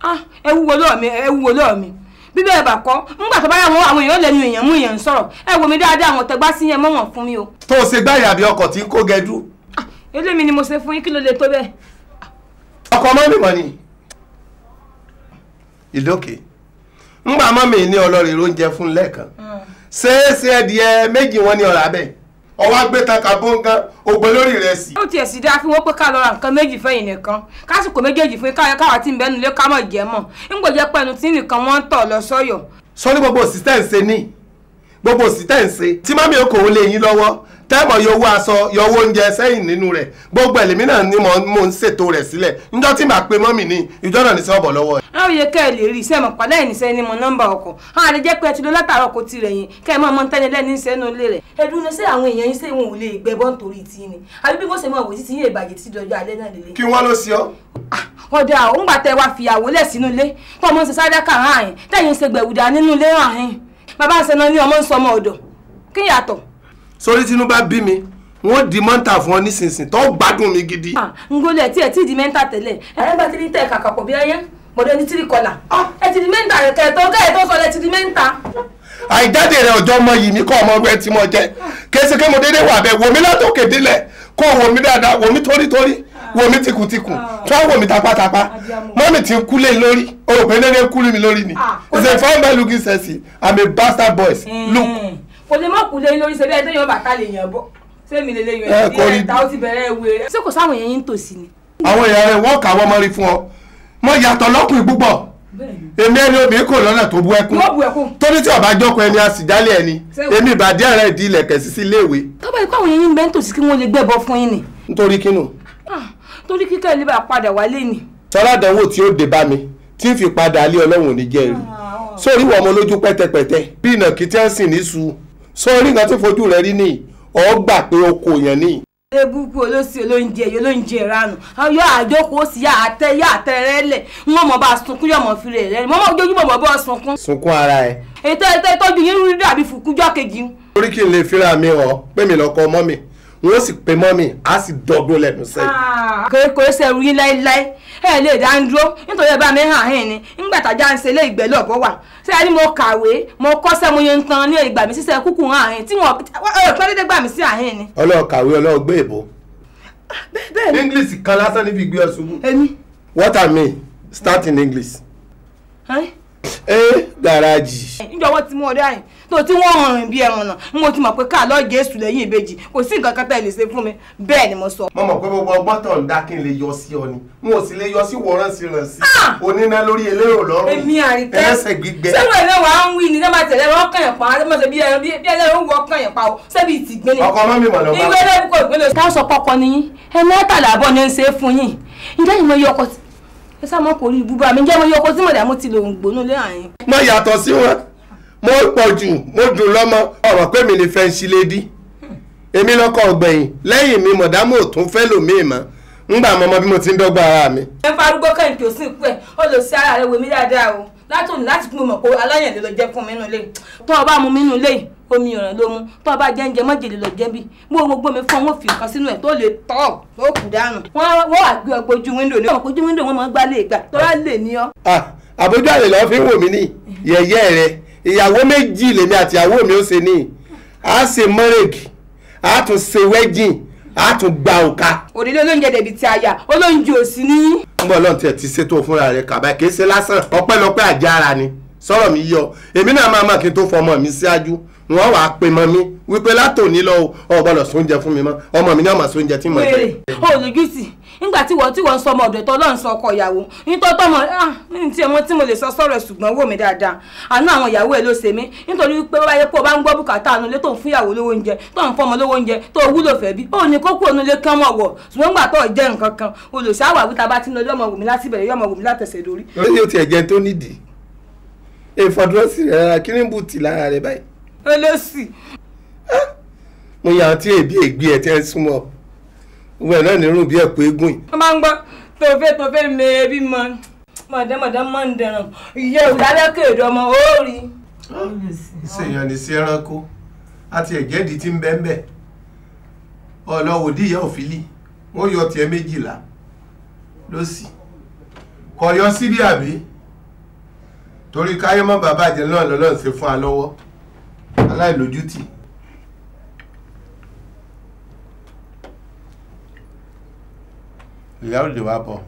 ah, ẹ wúwo lọ́ọ̀ mi ẹ wúwo lọ́ọ̀ mi bí bẹ́ẹ̀ bà kọ́ ńgbà tó bá yà wọ́n àwọn èèyàn lẹ́nu èèyàn mú èèyàn sọ̀rọ̀ ẹ wò mí dáadáa àwọn tẹgbá sí yẹn mọ̀wọ̀n fún mi o. tó o ṣe gbá ìyàbí ọkọ̀ tí ń kó gẹdú elémi ni mo ṣe fún yín kí ló lè tó bẹ́ẹ̀. ọkọ ọmọ mi mọ ni ìlókè ńgbà mọ́ mi ní ọlọ́rin oúnjẹ fún lẹ́ẹ̀kan hmm. ṣéèṣe ẹ̀dìẹ méjì wọn ní ọ̀rá bẹ́ẹ̀ ọwọ́ agbẹ́tàn kàbọ̀ǹgàn ògbẹ́ lórí rẹ̀ sí. ó tiẹ̀ sì dáa fún wọn pé ká lọ ra nǹkan méjì fẹ́yìn nìkan kásìkò méjèèjì fún káyọ̀ káwà tí ń bẹ́nu lé ká mọ̀ jẹ́ mọ̀ ńgbò jẹ́ pẹ́nu tí nìkan wọ́n ń tọ̀ lọ sọ́yọ̀. sọ ní gbogbo òsì tẹ̀ ń ṣe ní gbogbo òsì tẹ̀ ń ṣe tí mami okòwò lè yín lọ́wọ́ tẹ́ẹ̀mọ̀ yọ owó aṣọ yọ owó oúnjẹ sẹ́yìn nínú rẹ̀ gbogbo ẹ̀lẹ́mí náà ni mo ń ṣètò rẹ̀ sílẹ̀ níjọ́ tí màá pe mọ́mì ni ìjọ náà ní sọ́ọ̀bọ̀ lọ́wọ́ ẹ̀. àwọn yẹ kẹ́ ẹ lè rí iṣẹ́ mọ̀ padà ẹ̀ níṣẹ́ ni mo nọ́mbà ọkọ̀ àwọn àlejẹ́ pé ẹ ti lọ látàárọ̀ kò tirẹ̀ yẹn kẹ́ ẹ mọ̀ mọ́ tẹ́lẹ̀ lẹ́ni iṣẹ́ inú ilé rẹ̀. ẹdun ni àwọn èèyàn yín wa ah, fìyàwó lẹ̀ sínú ilé tó ọmọ ṣe sáré kàrán àyìn tẹ́yìn ṣe gbẹ̀wùdà nínú ilé hàn án bàbá ń ṣe náà ní ọmọ ń sọ ọmọ kí yàtọ̀ sórí tínú bá bí mi wọn di mọ́ńtà fún ọ nísinsìnyí tó gbádùn mi gidi. ngolẹ̀ ah, tí ẹ tí di mẹ́ńtà tẹ́lẹ̀ ẹ̀rẹ́ bá ti ní tẹ̀ kàkà pọ̀ bí ẹyẹ mọ̀dọ̀ ní tírí kọlà ẹ ti di mẹ́ńtà rẹ̀ kẹ̀tọ́ kẹ́ ẹ tó sọ lẹ ti di mẹ́ńtà. àìjáde rẹ ọjọ́ mọ yìí ní kọ́ ọmọ ọgbẹ́ tí mo jẹ kése kí mo dédé wà bẹ́ẹ̀ wò mí látòkè délẹ̀ kó wò mí dáadáa wò mí tórítórí wò mí tìkùtìkù ah. tó wò mí tapátapá mọ́mì ti ń kú lé lórí òpin dédé kú lé mi lórí ni ìsèfọ́n bẹ́ẹ̀ lùkì sẹ́sì I'm a bastard boy hmm. look. Mm kò lè mọ̀ kù lé lórí ṣe bí ẹ tẹ́yàn bàtà lè yàn bọ́ sẹ́mi lè lè yàn ẹ̀ bí ẹ̀ ta ó ti bẹ̀rẹ̀ ewu rẹ̀. ṣé kò sáwọn èèyàn yín tòsí ni. àwọn èèyàn rẹ wọn kà wọn mọ rí fún ọ mọ yàtọ̀ lọkùnrin púpọ̀ èmi ẹni obìnrin kò lọ́nà tó bú ẹkún torí tí ọba jọkọ ẹni àsìjálẹ ẹni èmi ìbàdí ẹrẹ ìdí ilẹ̀kẹ̀ sí sí iléèwé. tọ́ba ikú àwọn èèyàn yín bẹ́ẹ̀ ń tòsí kí wọ́n lè gbẹ̀bọ fún yín ni. nítorí kínú. Ah, torí kíkẹ́ ilé bá padà wálé ni. sọ́ládàánwò tí ó dé bá mi tí ń fi padà alẹ́ ọlọ́run ò ní jẹ́ rí ah, ah. sórí ìwọ ọmọ lójú pẹ́tẹpẹ́tẹ bí ìnàkí tẹ́sìn ní sùn sọ orí nǹkan tí fojú rẹ rí nìyí ọ gbà pé o kò yẹn nìyí ebuku olóṣì olóúnjẹ èyí olóúnjẹ ìranù yọ àjókòó sí yà àtẹ yà àtẹ rẹ lẹ n wọn mọ bá sunkún yọ mọ fìrè rẹ mọ mọ ojoojúmọ́ mọ bọ sunkún. sunkún ara ẹ. ètò ètò ìtọ́jú yín rí dàbí fùkújọ́ kejì. orí kí n lè fira mi hàn pé mi lọkọ ọmọ mi wọ́n sì pe mọ́ mi á sì dọ́gbó lẹ́nu sẹ́yìn. Ah, kéèkó ṣe rí láéláé ẹ lè dá ń dúró nítorí ẹ bá mi hàn ẹ ni nígbà tájà ń ṣe ilé ìgbẹ́ lọ́bọ̀ wà ṣé ẹni mo kàwé mo kọ́ṣẹ́ mo yẹn tan ní ìgbà mi ṣiṣẹ́ kúkú hàn ẹ tí wọn ò dédé gbà mí sí àhẹ́ ni. ọlọ́ọ̀ kàwé ọlọ́ọ̀ gbé èbó. bẹ́ẹ̀ ni english kan lásán níbi ìgbé ọ̀ṣun. èmi. what i mean start in english. ẹ eh, garaji. ìjọwọ́ ti mú ọdẹ àyìn tó tí wọ́n rìn bí ẹran náà n mo ti mọ̀ pé káàlọ́ jésù lẹ́yìn ìbejì kò sí nǹkan kan tá ẹ lè ṣe fún mi bẹ́ẹ̀ ni mo sọ. mo mọ̀ pé gbogbo ọgbọ́n tó ń dá kí n lè yọ sí ọ ni n ò sì lè yọ sí wọ́ọ́rán sí ràn oníná lórí elérò lọ́rùn èmi àríkẹ́ ẹlẹ́sẹ̀ gbígbẹ. ilé wa ń wí ni ní máa tẹ̀lé wọn kàn yẹn pa á mọ̀tẹ́ bí ẹlẹ́rọ ń wọ kàn yẹn pa ó sẹ́bi ìtì gbé ni. ọkọ mọ̀ lọ́ba. ìwé ẹlẹ́rú kò gbé lọ. ká sọ pọkọ ni yín ẹ mẹ́tàlá àbọ̀ ni ń ṣe é fún yín ǹjẹ́ ìmọ̀ iye ẹ sá mọ́ kò rí ibùba mi ǹjẹ́ ìmọ̀ iye ọkọ̀ tí mọ̀dàmú ti lòún gbónú lé àyín. mo yàtọ̀ sí wọn. mo pọ̀ jù mo jù lọ́mọ ọ̀rọ̀ pé mi ni fẹ́ǹsì lédi èmi lọ́kọ̀ ọ̀gbẹ̀yìn lẹ́yìn mi mọ̀dámù ò tún fẹ́ mọ́ ọmọ bí mo ti ń ara mi. ẹ farúgbó kẹ́ǹkì o sí ìpú ẹ̀ ó lọ sí ara rẹ̀ wèmí dáadáa o látòun láti fún mi mọ̀ pé lọ o bá mu mi omi ló tó o bá jẹ́ oúnjẹ mọ́jèlè lọ jẹ́ bí o gbọ́ mi fún wọn fi nǹkan sínú ẹ̀ tó lè tọ́ ó ìyàwó méjì lèmi àti ìyàwó mi ó ṣe ní à á ṣe mọ́rẹ́gì a á tún ṣe wẹ́jìn à á tún gba òka. òrìlé olóúnjẹ dẹ̀bi ti àyà olóúnjẹ ò sí ní. ọmọ ọlọ́run tiẹ̀ ti ṣètò fúnra rẹ̀ kàbá kì í ṣe lásán ọpẹ́lọpẹ́ àjára ni sọ̀rọ̀ mi yọ èmi náà máa máa kí n tó fọmọ mi síájú wọn wàá pe mọ mi wípé látòní lọ ọ gbọ́dọ̀ sóúnjẹ fún mi mọ́ ọmọ mi náà máa sóúnjẹ tí mo jẹ. olùjúsì nígbà tí wọ́n tí wọ́n sọ ọmọ ọ̀dọ̀ ẹ̀tọ́ ọlọ́run sọ ọkọ ìyàwó nítorí tọmọ ní ti ọmọ ah, tí mo lè sọ sọ̀rọ̀ ṣùgbọ́n wò mí dáadáa àánú àwọn ìyàwó ẹ̀ ló ṣe mí nítorí pé bá yẹ kó o bá ń gbọ́ bùkátà àánú lé tó ń fún ìyàwó lówó oúnjẹ tó ń fọmọ lówó oúnjẹ tó wúlò fẹ́ bí ó ní kó kúrò nílé kán mọ̀ wọ̀ ṣùgbọ́n nígbà tó jẹ́ nǹkan ti ń lọ yọmọ wò mí láti bẹ̀rẹ̀ yọmọ wò mí látẹ̀sẹ̀ lórí. ó ní o tiẹ̀ jẹ́ tó nídìí ìfọdúrósì rẹ̀ rárá kí ní mo yàn án tí èbí ègbé ẹ̀ wọn náà nírun bí ẹ̀pọ̀ eégún yìí. wọ́n máa ń gbọ́ tòfé tòfé mi ebi mọ mọ̀dẹ́mọ̀dẹ́ mọ̀ ń dẹ̀ràn ìyẹ́ òdálẹ́ kéde ọmọ òórì. ìṣèyàn ní sí ẹranko àti ẹ̀jẹ̀dì ti ń bẹ́ẹ̀ bẹ́ẹ̀ ọlọ́wọ́dì ìyá òfìlì wọ́n yọ tiẹ̀ méjìlá lọ́sì kọ̀yọ́ síbí àbí torí káyọ́mọ́ bàbá àjẹ́ náà lọ́lọ́run ṣe fún wa lọ́wọ́ aláìlójútì Le hablo, guapo.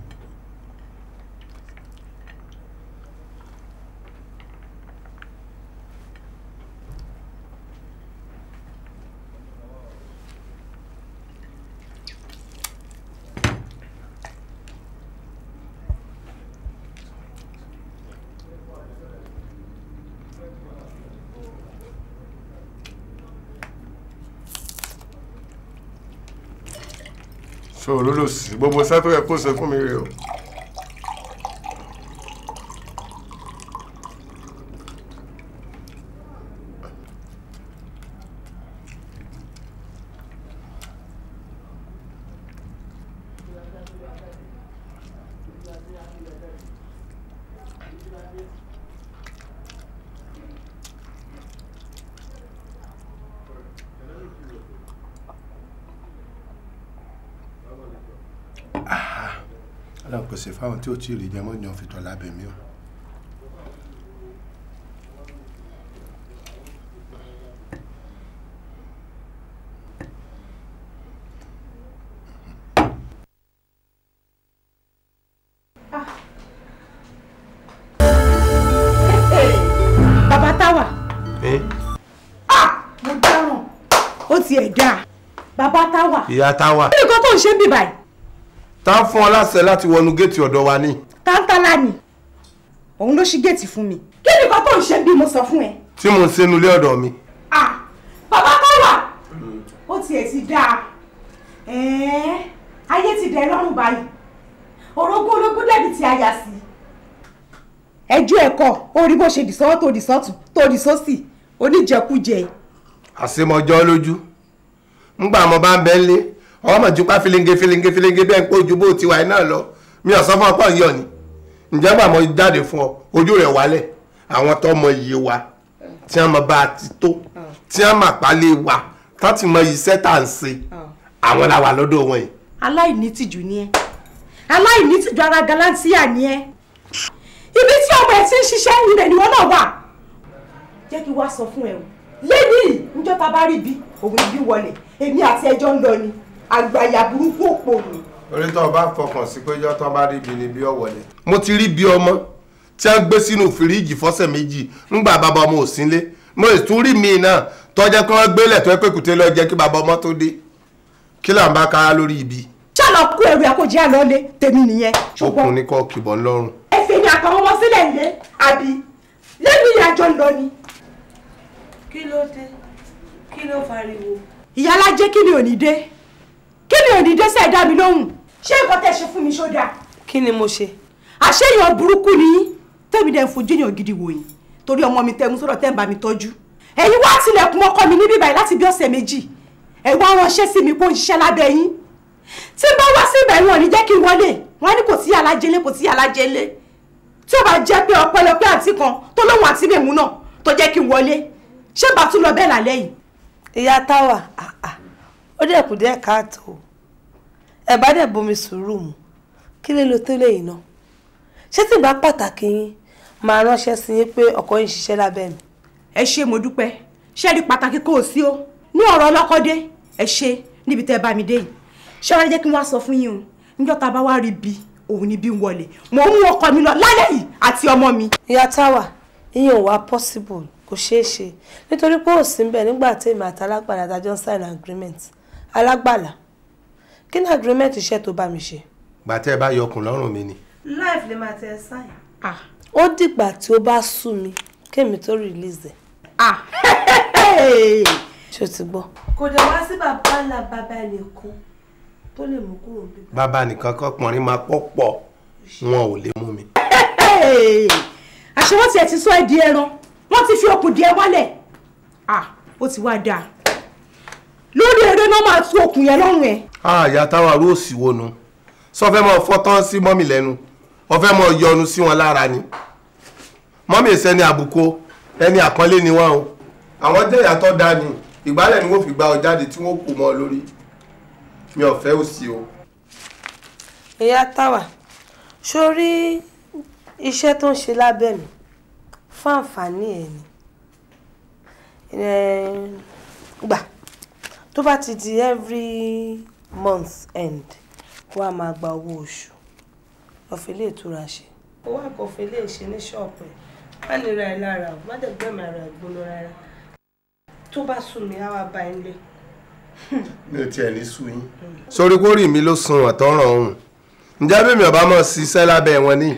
so olólùsì gbogbo sẹ́tọ̀ yẹ kó ṣe fún mi rè o. fáwọn tí ò tí ì rí jẹmọ́ ni wọ́n fi tọ́ lábẹ́ mi o. Ah! ìyá táwa. kí ni nǹkan tó ń ṣe ń bì báyìí tá ń fún ọ láṣẹ láti wọnú géètì ọ̀dọ̀ wa ni. tántálà ni òun ló ṣí géètì fún mi kí ni nǹkan tó ń ṣe bí mo sọ fún ẹ. tí mò ń sínú ilé ọ̀dọ̀ mi. ah bàbá kan wà ó tiẹ̀ ti dáa ayé ti dẹ̀ lọ́rùn báyìí orogún ológun dẹ̀bi ti àyà sí. ẹjọ́ ẹ̀kọ́ ó rí bó ṣe dìsọ́wọ́ tó dìsọ́tún tó dìsọ́sì oníjẹkújẹ. àṣemọjọ́ lójú ńgbà mo bá ń bẹ́ńlé ọmọ jupa filinge filinge filinge bẹ́ẹ̀ ń pé ojú bó ti wà náà lọ mi ò sọ fún ọpọ yọ ni ǹjẹ́ bá mo jáde fún ọ ojú rẹ̀ wálẹ̀ àwọn tó mọ iye wa tí wọ́n mọ bá a ti tó tí wọ́n mọ àpálẹ̀ wa tó ti mọ iṣẹ́ tá à ń ṣe àwọn la wà lọ́dọ̀ wọn yìí. aláìní tìjú ni ẹ aláìní tìjú ara galantia ni ẹ ibi tí ọmọ ẹ ti ń ṣiṣẹ́ ibẹ̀ ni wọ́n náà wà jẹ́ kí wá sọ fún ẹ o lẹ́yìn ìjọba bá rí bí òun ibi wọlé èmi àti ẹjọ́ ń lọ ni àgbàyà burúkú òpònú. orí tó o bá fọkàn sí pé yọtọ bá rí ibi ni bí ọwọlẹ. mo ti rí bí ọmọ tí a ń gbé sínú fìríìjì fọ́sẹ̀ méjì ńgbà bàbá ọmọ ò sínlé mo sì tún rí mi náà tọ́jẹ́ kí wọ́n gbélé tó ẹ pé kùtẹ́ lọ jẹ́ kí bàbá ọmọ tó dé kí là ń bá kára lórí ibi. sọlọ kú ẹrù ẹ kò jẹ àlọ lé tèmi nìyẹn. okùn ni kò kìbọn lọ́rùn. ẹ fi ní àtọwọmọ sílẹ̀ ilé àbí lẹ́nu ìyàjọ lọ ni. kí ló dé kí ló fariwo. ìyálà jẹ́ kí ni ò ní dé kí ni òdìdé sẹ́ dá mi lóhùn ṣé nǹkan tẹ́ ṣe fún mi ṣó dáa. kí ni mo ṣe. àṣeyàn burúkú ni tẹ́mi dẹ̀ ń fojú èèyàn gidi wò yín torí ọmọ mi tẹ́ mú sọ́dọ̀ tẹ́ ń bá mi tọ́jú. ẹ̀yin wá tilẹ̀kùn ọkọ mi níbí báyìí láti bí ọ̀sẹ̀ méjì ẹ̀ wá ránṣẹ́ sí mi kó ń ṣiṣẹ́ lábẹ́ yín. tí bá wá sí ibẹ̀ wọn ò ní jẹ́ kí n wọlé wọn ní kò sí alájẹlé kò sí alájẹlé tí ó bá jẹ́ pé ọpẹ́lọpẹ́ àǹtí kan tó lóhùn àǹtí mèmú náà tó jẹ́ kí n wọlé ṣé bàtú lọ bẹ́ẹ̀ lálẹ́ yìí. ìyá táwa ó dẹ̀kùdẹ́ káàtó ẹ bá dẹ̀ bomi sùúrù mu kí lè lo tó léyìn náà ṣé tí bá pàtàkì yín máa ránṣẹ́ sí yín pé ọkọ yín ṣiṣẹ́ lábẹ́ mi. ẹ ṣe mo dúpẹ́ ṣé rí pàtàkì kò sí o ní ọ̀rọ̀ ọlọ́kọ́dé ẹ ṣe níbi tẹ́ ẹ bá mi dé yìí ṣé wàá jẹ́ kí n wá sọ fún yín o níjọ́ ta bá wá rí bi òun ni bí n wọlé mò mú ọkọ mi lọ lálẹ́ yìí àti ọmọ mi. ìyá táwa ìyẹn ò wá possible kò ṣeé ṣe nítorí pé ò sí ń bẹ̀ nígbà tí èmi àti alágbàlà adájọ́ sign agreement alágbàlà kí ni agreement iṣẹ́ tó bá mi ṣe. gbàtẹ́ ẹ bá yọkùn lọ́rùn mi ni. life lè máa tẹ ẹ sáyìn. ó dìgbà tí ó bá sú mi kémi tó release ẹ̀. ṣó ti gbọ́. kò dé wá sí bàbá ńlá bàbá ẹnìkan tó lè mú kúrò níbẹ̀. bàbá nìkan kọkùnrin máa pọ̀ pọ̀ wọn ò lè mú mi. àṣé wọ́n ti sọ ẹ̀ di ẹran wọ́n ti fi okùn di ẹ wálẹ̀ ó ti wá dáa lórí eré náà máa tú okùn yẹn lọ́rùn ẹ̀. àyà táwa ró sì wọnú sọ fẹ́ mọ fọ́tán sí mọ́mì lẹ́nu ọfẹ́ mọ yọnu sí wọn lára ni mọ́mì ìsẹ́ni àbùkù ẹni àkọ́lé ni wọ́n o àwọn jẹ́ ìyàtọ̀ dání ìgbálẹ̀ ni wọ́n fi gba ọ̀jáde tí wọ́n kù mọ́ ọ lórí mi ò fẹ́ òsì o. ìyá táwa sórí iṣẹ́ tó ń ṣe lábẹ́ mi fún àǹfààní ẹ̀ ni gbà tó bá ti di every month end kó a máa gba owó oṣù ọ̀fẹ́ lè túra ṣe. owó àkọ́fẹ́ lè ṣe ní ṣọ́ọ̀pù ẹ̀ má ní ra ẹ lára o má dẹ̀gbẹ́ mi ara ìgbóná rárá tó bá sùn mí á wá bá ẹ nílé. mi ò tiẹ̀ ní sùn yín. (laughs) Hmm. sórí kórìí mi ló sun àtọ́ràn ọ̀hún ǹjẹ́ bèmi ọba mọ̀ ṣiṣẹ́ lábẹ́ wọn ní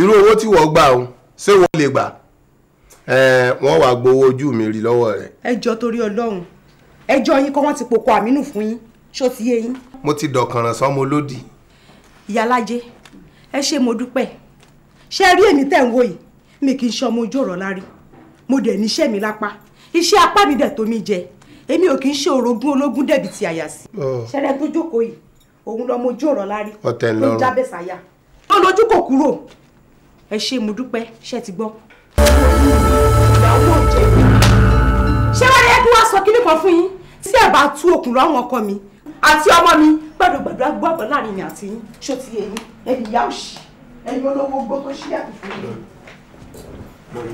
irú owó tí wọ́n gbà ó ṣé wọ́n lè gbà wọ́n wàá gbowó ojú mi rí lọ́wọ́ rẹ̀. ẹ jọ torí Ọlọ́run ẹjọ́ yín kọ́ wọ́n ti pokọ àmínú fún yín ṣó ti yé yín. mo ti dọ̀kànràn sọ́mọ olódì. ìyálájẹ ẹ ṣe mo dúpẹ́ ṣé ẹ rí èmi tẹ̀ ń wò yìí mi kì í ṣe ọmọ ojú ọ̀rọ̀ lárí mo dẹ̀ níṣẹ́ mi lápá iṣẹ́ apá mi dẹ̀ tó mi jẹ èmi ò kì í ṣe orogún ológun dẹ̀bi ti àyà sí. ṣẹlẹ tó jókòó yìí òun lọmọ ojú ọ̀rọ̀ lárí ló ń jábẹ́ sáyà ó lójú kò kúrò ẹ ṣe mo dúpẹ́ ṣe ti gbọ́. ṣé wọ́n yẹ kí wọ́n sọ kíní kan fún yín tí ẹ bá tú okùn lọ́rùn ọkọ mi àti ọmọ mi gbàdúgbàdú agbọ́gbọ́ láàrin mi àti yín ṣó ti yẹ yín ẹni ìyá òṣì ẹni olówó gbó tó ṣí àkùkù yìí. mo ní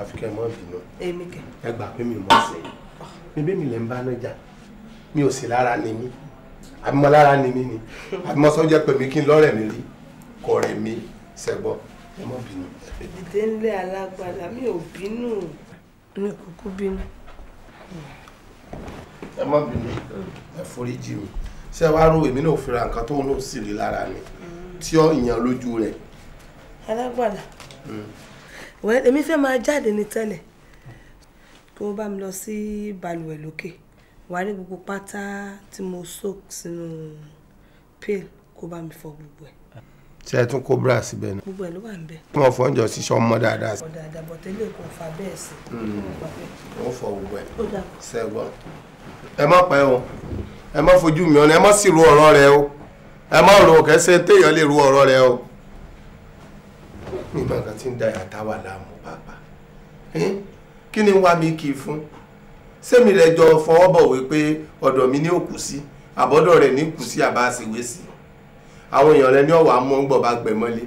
àfikẹ́ mọ́ bínú ẹ gbà pé mi mọ̀ ṣe bébí mi lè ń bá náà jà mi ò sí lára ni mí àbímọ lára ni mí ni àbímọ sọ́jọ́ pé mi kí n lọ́rẹ̀ mi rí kọ̀rẹ̀ mi ṣẹ̀gbọ́ ẹ mọ́ bínú. ìdílé alágbádá mi ò bínú mi kúkú bínú ẹ má bínú ẹ foríjì mi ṣé wàá rò èmi náà fira nǹkan tóun náà sì rí lára ni mm. tí ó ìyàn lójú rẹ̀. alágbàlá mm. èmi fẹ́ máa jáde ní tẹ́lẹ̀ tó bá mi lọ sí balùwẹ̀ lókè wàá rí gbogbo pátá tí mo soak sínú pail kó bá mi fọ gbogbo ẹ̀ ṣe ẹ tún kóbra síbẹ̀ náà. gbogbo ẹ ló wà níbẹ̀. wọn fọ oúnjẹ ṣiṣọ mọ dáadáa. ọ̀dà àdàbọ̀ tẹ́lẹ̀ kò fà bẹ́ẹ̀ sí. wọ́n hmm, fọ gbogbo ẹ̀ sẹ́gbọ́n. ẹ má pẹ́ o ẹ má fojú mi ọ̀nà ẹ má sì ru ọ̀rọ̀ rẹ o ẹ má ro kẹsẹ̀ téèyàn lè ru ọ̀rọ̀ rẹ o. nígbà kan tí ń da ìyàtá wà láàmú pàápàá kí ni wá mi kì í fún sẹ́mi rẹ̀ jọ fọwọ́ bọ̀ wí ọ̀dọ̀ mi ní òkú sí àbọ̀dọ̀ rẹ̀ ní kù sí àbá sí àwọn èèyàn rẹ ní ọ̀wà mọ́ ń gbọ̀ba gbẹ̀mọ́lé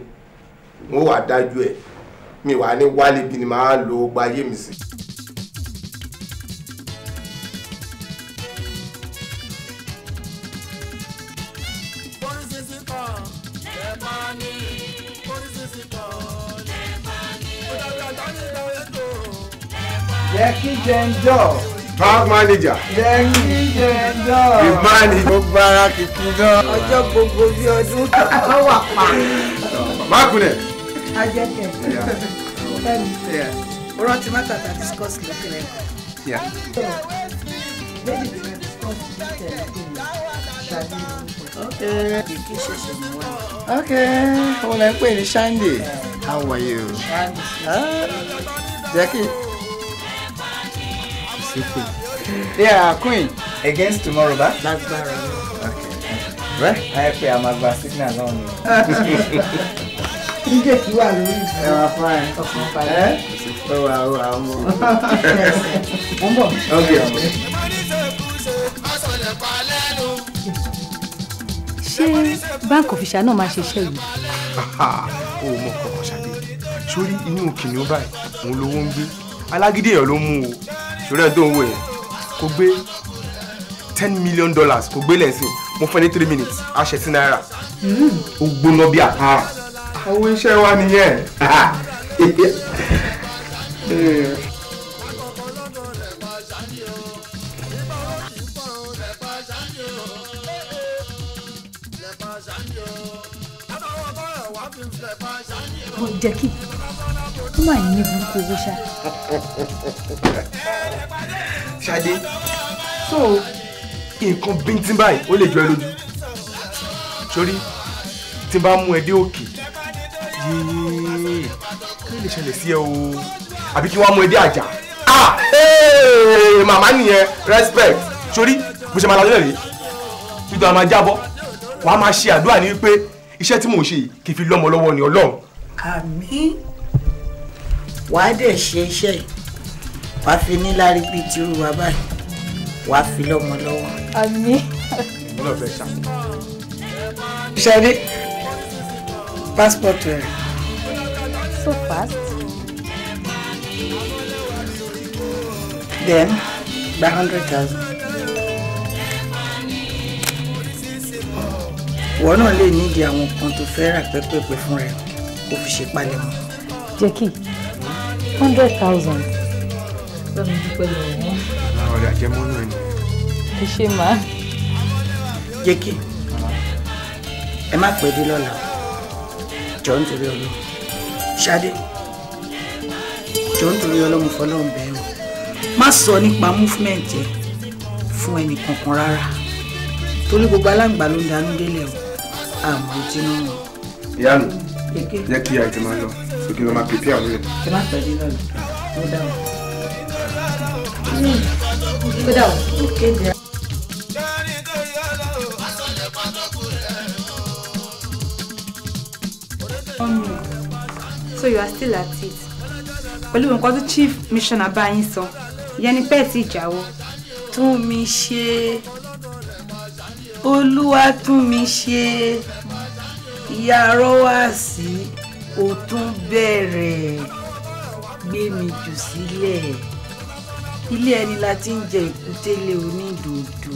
wọn wà dájú ẹ̀ mi wà ní wálé bí ni màá lo gba ayé mi sí. jẹ́ kí jẹ́ ń jọ́ park manager. lẹ́yìn ìjẹ̀dọ̀. ìbáni gbogbo ara kìkì náà. ọjọ́ gbogbo bíi ọdún kan wà pa. mákùnẹ̀. ajẹ́kẹ̀ fẹ́mi o rántí mátà tá a discuss lọ́kẹ̀rẹ̀. méjì tí wọ́n discuss tẹ̀lé ṣáájú kìkì ṣẹ̀ṣẹ̀ mú wa. ok òun lè ń pè ní Shandy how are you. Shandy. jẹ́ kí city. (laughs) Yeah, Queen. Against tomorrow, ba? Lágbára náà. Okay. Right? Ayẹ pé a máa gba signal náà ni. Jíjẹ́ kí wà lórí ìfún. Ẹ wà fún ẹ. Ọkàn balẹ̀. Ẹ ó wà ó wà ó mọ̀. Mo ń bọ̀. Okay. Eh? Oh, oh, (laughs) Ṣé báńkì òfìṣà náà máa ṣiṣẹ́ yìí? O ò mọ kọ̀ọ̀kan Sórí inú kìnìún báyìí, òun lówó ń gbé alágídí èèyàn ló mú o ṣùgbọ́n tó ń wò yẹn kò gbé ten million dollars kò gbé lẹ́sìn mo fẹ́ ní three minutes a ṣe sí náírà hmm. ó gbóná bí àtàrà owó iṣẹ́ wa nìyẹn. (laughs) mo jẹ́ kí ó mà ní burúkú owó ṣá. ṣadé so nǹkan bíntín báyìí ó lè jọ ẹ lójú sórí tí n bá mú ẹ dé òkè yéé kí lè ṣẹlẹ̀ sí ẹ o àbí kí wọ́n mú ẹ àjà màmá nìyẹn respect sórí bó ṣe máa lajọ́ rèé títọ́ a máa jábọ́ wàá máa ṣe àdúrà ní wípé iṣẹ́ tí mò ń ṣe kì í fi lọ́mọ lọ́wọ́ ni ọlọ́run. àmín wàá dẹ̀ ṣe iṣẹ́ yìí wàá fi níláárí bíi tirú wa báyìí wàá fi lọ́mọ lọ́wọ́. àmín. ìmúlò fẹ́ ṣá. passport so fast. then gba hundred thousand. ìwọ náà lè nídìí àwọn kan tó fẹ́ rà pẹ́pẹ́pẹ́ fún rẹ kó fi ṣe palẹ̀mọ́. jẹ́ kí hundred thousand. lọ́nà dúpẹ́ lọ́wọ́ wọn. ọ̀rẹ́ àjẹmọ́nú ẹ̀ ni. ẹ ṣe máa. jẹ́kì ẹ má pẹ́ dé lọ́la jọ ń torí ọlọ́ ṣáde jọ ń torí fọlọ́run bẹ́ẹ̀ má sọ nípa movement ẹ fún ẹnì kankan rárá torí gbogbo aláǹgbá ló ń danú délẹ̀ o àmọ́ ìtinú wọn. ìyá mi jẹ́ kí àìtí máa lọ so kí ló máa pèpè àwọn ilé. ẹ má so you are still at it pẹ̀lú nǹkan tó chief mission bá yín sọ ìyẹn ni pẹ́ẹ́ ti jáwọ́. tún mi ṣe olúwa tún mi ṣe ìyá arọ́wà sí ó tún bẹ̀rẹ̀ gbé mi jù sílẹ̀ ilé ẹni la ti ń jẹ ìkútélé onídòdò.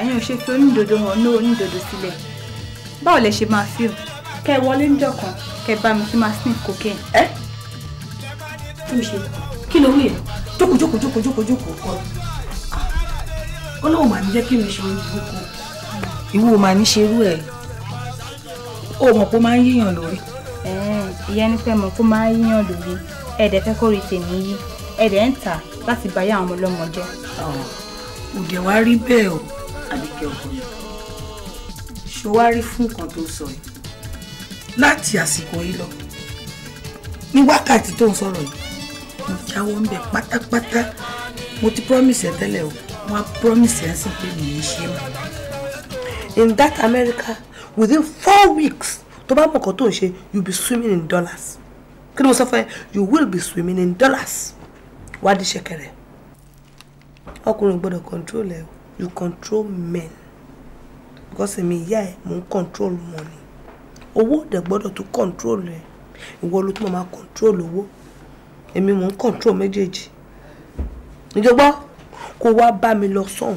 ẹ̀yin ò ṣe fi onídòdò hàn ní onídòdò sílẹ̀ báwo lẹ ṣe máa fi o kẹ wọlé ń jọkan kẹ bá mi kí máa sniff cocaine. ẹ kí mi ṣe kí ló wí ẹ jókòó jókòó jókòó jókòó jókòó kọ ó ah, lóun mà ní jẹ́ kí mi ṣe oúnjẹ kókó. ìwọ ò ní ṣerú ẹ o mọ̀ pé ó máa ń yíyàn lórí ìyẹn ni pé mo kó máa ń yíyàn lórí ẹ̀ẹ́dẹ̀ fẹ́ kó rí tèmi yí ń tà láti bá àwọn ọlọ́mọ jẹ́. òde wa rí bẹ́ẹ̀ o àdìgẹ́ ọkùnrin ṣó wá rí fún nǹkan tó sọ yìí láti àsìkò yìí lọ ní wákàtí tó ń sọ̀rọ̀ yìí mo jáwọ́ ń bẹ̀ pátápátá mo ti promise ẹ tẹ́lẹ̀ o mo á promise ẹ sì pé mi ì ṣe mọ́. in that America within four weeks tó bá mọ̀ nǹkan tó ń ṣe you be swimming in dollars kí ni mo sọ fún ẹ you will be swimming in dollars wá di ṣẹ̀kẹ̀rẹ̀ ọkùnrin gbọ́dọ̀ control ẹ you control men because èmi ìyá ẹ mò ń control money. ni owó dẹ̀ gbọ́dọ̀ tún control ẹ ìwọ ló tún máa control owó èmi mò ń control méjèèjì ìjọba kó wá bá mi lọ sọ̀hún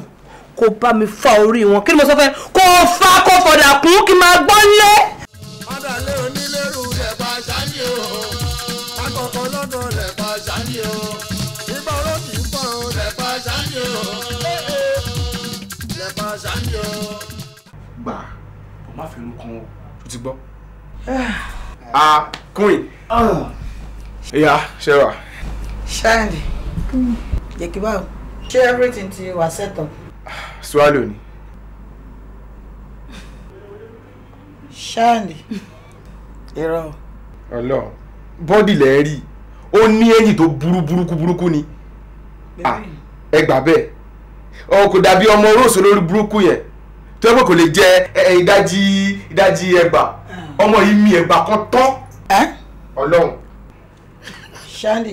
kó bá mi fa orí wọn kí ni mo sọ fẹ́ kó fa kó fọ̀dà kún kí n máa gbọ́ lé. má fi irun kan o. o ti gbọ́. a ah. ah, queen. Ah. ìyá ṣe wà. ṣáàlì jẹ́kí báwo ṣé everything ti wà set up. swallow ni. ṣáàlì irọ́. ọlọ bọ́dì lẹ́ rí ó ní ẹ̀yìn tó burú burúkú burúkú ni ẹ gbà bẹ́ẹ̀ ọ kò dàbí ọmọ róòsì olórí burúkú yẹn tó yẹ pé kò lè jẹ ìdajì ìdajì ẹgbà ah. ọmọ yìí mi ẹgbà kan tán ọlọ́run. Shandy.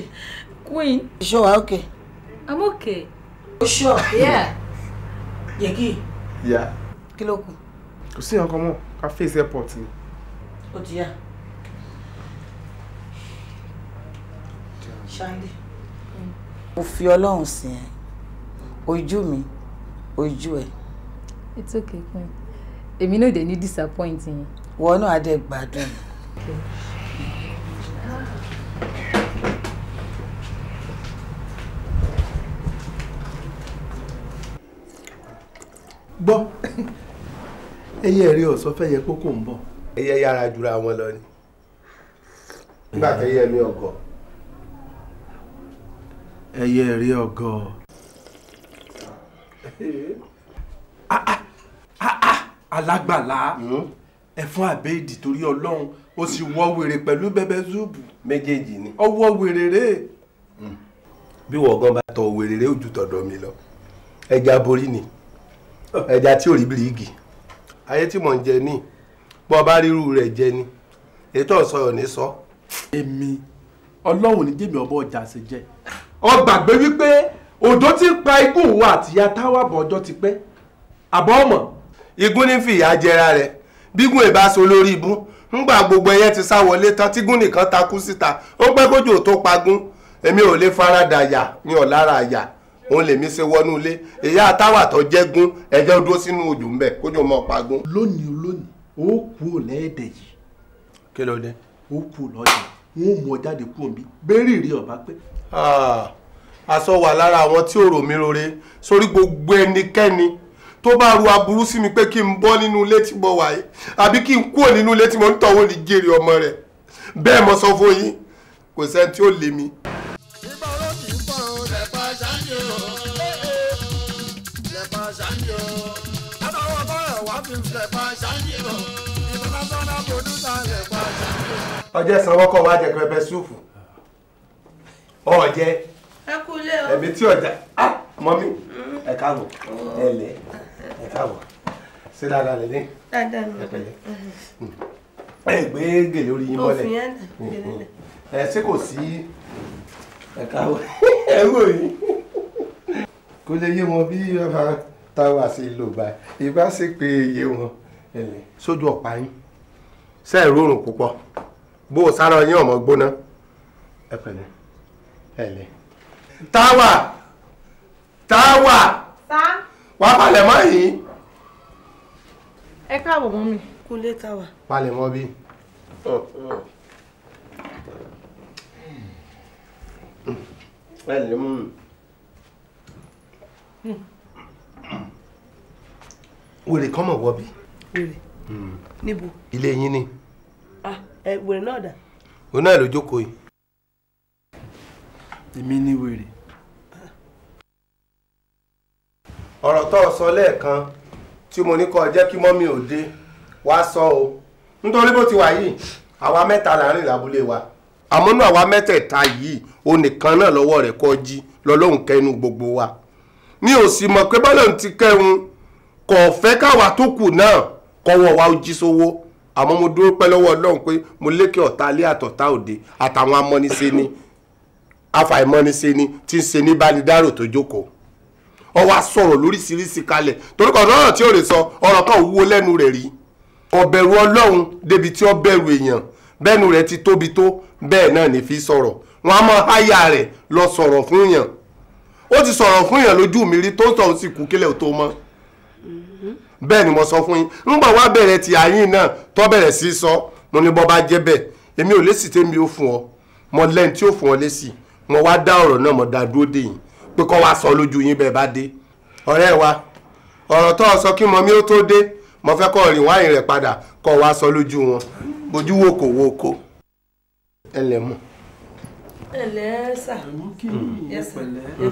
Queen. You sure? Ah, okay. I'm okay. You sure? Yeah. Yegi. Yeah. Kí ló kù? Kò sí nǹkan mọ́, ká face airport ni. Ó ti yá. Shandy. Mm. Mo fi Ọlọ́run sí ẹ. Ojú mi, ojú ẹ it's okay pin èmi náà dẹ̀ ní disappointing. yín. no, náà á dẹ̀ gbádùn. gbọ́ ẹyẹ rí ọ̀sọ́ fẹ́ yẹ kó kò ń bọ̀. ẹyẹ yára jura wọn lọ ni nígbà tẹ́yẹ mi ọ̀gọ̀. ẹyẹ rí ọ̀gọ̀. (laughs) alágbàlá ẹfun àbẹ́ẹ̀dì torí ọlọ́run ó sì wọ́ wèrè pẹ̀lú bẹ́bẹ́ zúùbù. méjèèjì ni. ọwọ́ wèrè rè. Hmm. bí wọ̀gán bá tọ wèrè rè ojú tọ̀dọ̀ mi lọ ẹja borí ni ẹja tí ò rí bíríìgì ayé tí mò ń jẹ ní bọ́ bá ríru rẹ̀ jẹ ni ètò ọ̀sọ̀rọ̀ ní sọ. èmi ọlọ́run ní jẹ́mi ọba ọjà ṣe jẹ́ ó gbàgbé wípé òjò ti pa ikú òun àtìyá táwa bọ̀ ọjọ́ ti pẹ́ àbọ̀ ọmọ igún ní fìyà jẹra rẹ̀ bígún ìbáṣe olórí ibú ńgbà gbogbo ẹyẹ ti sá wọlé tán tígún nìkan takú síta ó pẹ́ kójò tó pagún èmi ò lè farada yà ní ọ̀lára àyà òun lèmi ṣe wọnú ilé ìyá àtàwà tó jẹ́ gún ẹjẹ́ dúró sínú òjò ńbẹ kójò mọ́ pagún. lónìí lónìí ó kú ò lẹ́ẹ̀dẹ̀ yìí. kí ló dé. ó kú lọ́dẹ̀ wọn ò mú ọ jáde kú òbí bẹ́ẹ̀rì rí ọ̀bá pé. Ah, aṣọ wà lára àwọn tí ò rò mí rore sórí gbogbo ẹnikẹ́ni tó bá ru aburú sí mi pé kí n bọ́ nínú ilé tí mo wà yìí àbí kí n kúrò nínú ilé tí mo ń tọ̀wọ́ ní jèrè ọmọ rẹ̀ bẹ́ẹ̀ mo sọ fún yín kò sẹ́ni tí ó lé mi. ìgbà wo kì wá jẹ pẹpẹ súùfù ọ̀jẹ̀ ẹ̀mí tí ọ̀jà ah, mọ́mí ẹ̀ka wò ẹ̀lẹ́ káàbọ̀ ṣé dáadáa lè dé. dáadáa lè dé. Mhm. ẹ gbé gèlè orí yín mọ́lẹ̀. òfin mhm. ẹ̀ ṣé kò sí ẹ̀ka ẹ̀rọ yìí kó lè yé wọn bí ọba táwa sí lò bá ìbá sì pé iye wọn sójú ọ̀pá yín ṣe é rọrùn púpọ̀ bó o sára yín ọmọ gbóná ẹ pẹ̀lẹ́ ẹ lẹ táwa táwa. sáà wá palẹ̀ mọ́ yìí. ẹ káàbọ̀ mọ́ mi kúnlé táwà. palẹ̀ mọ́ bí. ẹ lè mú mi. wèrè kan mọ̀ wọ́ bí. wèrè hmm. níbo. ilé yín ni. Ah, wèrè náà dà. òun náà ló jókòó yìí. èmi ni wèrè. ọ̀rọ̀ tó sọ lẹ́ẹ̀kan tí mo ní kọ́ jẹ́ kí mọ́mí ò dé wá sọ o nítorí bó ti wà yìí àwa mẹ́ta là ń rìn lábúlé wa àmọ́nú àwa mẹ́tẹ̀ẹ̀ta yìí o nìkan náà lọ́wọ́ rẹ̀ kọ́ jí lọ́lọ́hùn kẹnu gbogbo wa mi ò sì mọ̀ pé bọ́lá ti kẹun kò fẹ́ káwa tó kù náà kọ́wọ́ wa ó jí sówó àmọ́ mo dúró pẹ́ lọ́wọ́ ọlọ́run pé mo lékè ọ̀tá ilé àtọ̀tá òde àtàwọn amọ́nisẹ́ni (coughs) afàìmọ́nisẹ́ni tí ń ṣe ní bánidárò tó jókòó ó wá sọ̀rọ̀ lóríṣiríṣi kalẹ̀ torí kan náà tí ò lè sọ ọ̀rọ̀ kan wúwo lẹ́nu rẹ̀ rí ó bẹ̀rù Ọlọ́run débi tí ó bẹ̀rù èèyàn bẹ́ẹ̀nu rẹ̀ ti tóbi tó bẹ́ẹ̀ náà ní fi sọ̀rọ̀ wọn a máa háyà rẹ̀ lọ sọ̀rọ̀ fún yàn ó ti sọ̀rọ̀ fún yàn lójú mi rí tó ń tọ̀hún sì kú kílẹ̀ tó mọ́ bẹ́ẹ̀ ni mo sọ fún yín nígbà wá bẹ̀rẹ̀ ti àyín náà tó bẹ̀rẹ̀ sí sọ mo ní bọ́ bá jẹ́ bẹ́ẹ̀ èmi ò lésì tèmi ó fún ọ mo lẹ́ni tí ó fún ọ lésì mo wá dá ọ̀rọ̀ náà mo dá dúró dè yín pé kọ́ wá sọ lójú yín bẹ́ẹ̀ bá dé ọ̀rẹ́ wa ọ̀rọ̀ tó sọ kí mọ́mí ó tó dé mo fẹ́ kọ́ rìn wáyìn rẹ̀ padà kọ́ wá sọ lójú wọn bójú wò kò wò kò ẹ lẹ̀ mọ̀. ẹ lẹ́ sà ẹ pẹ̀lẹ́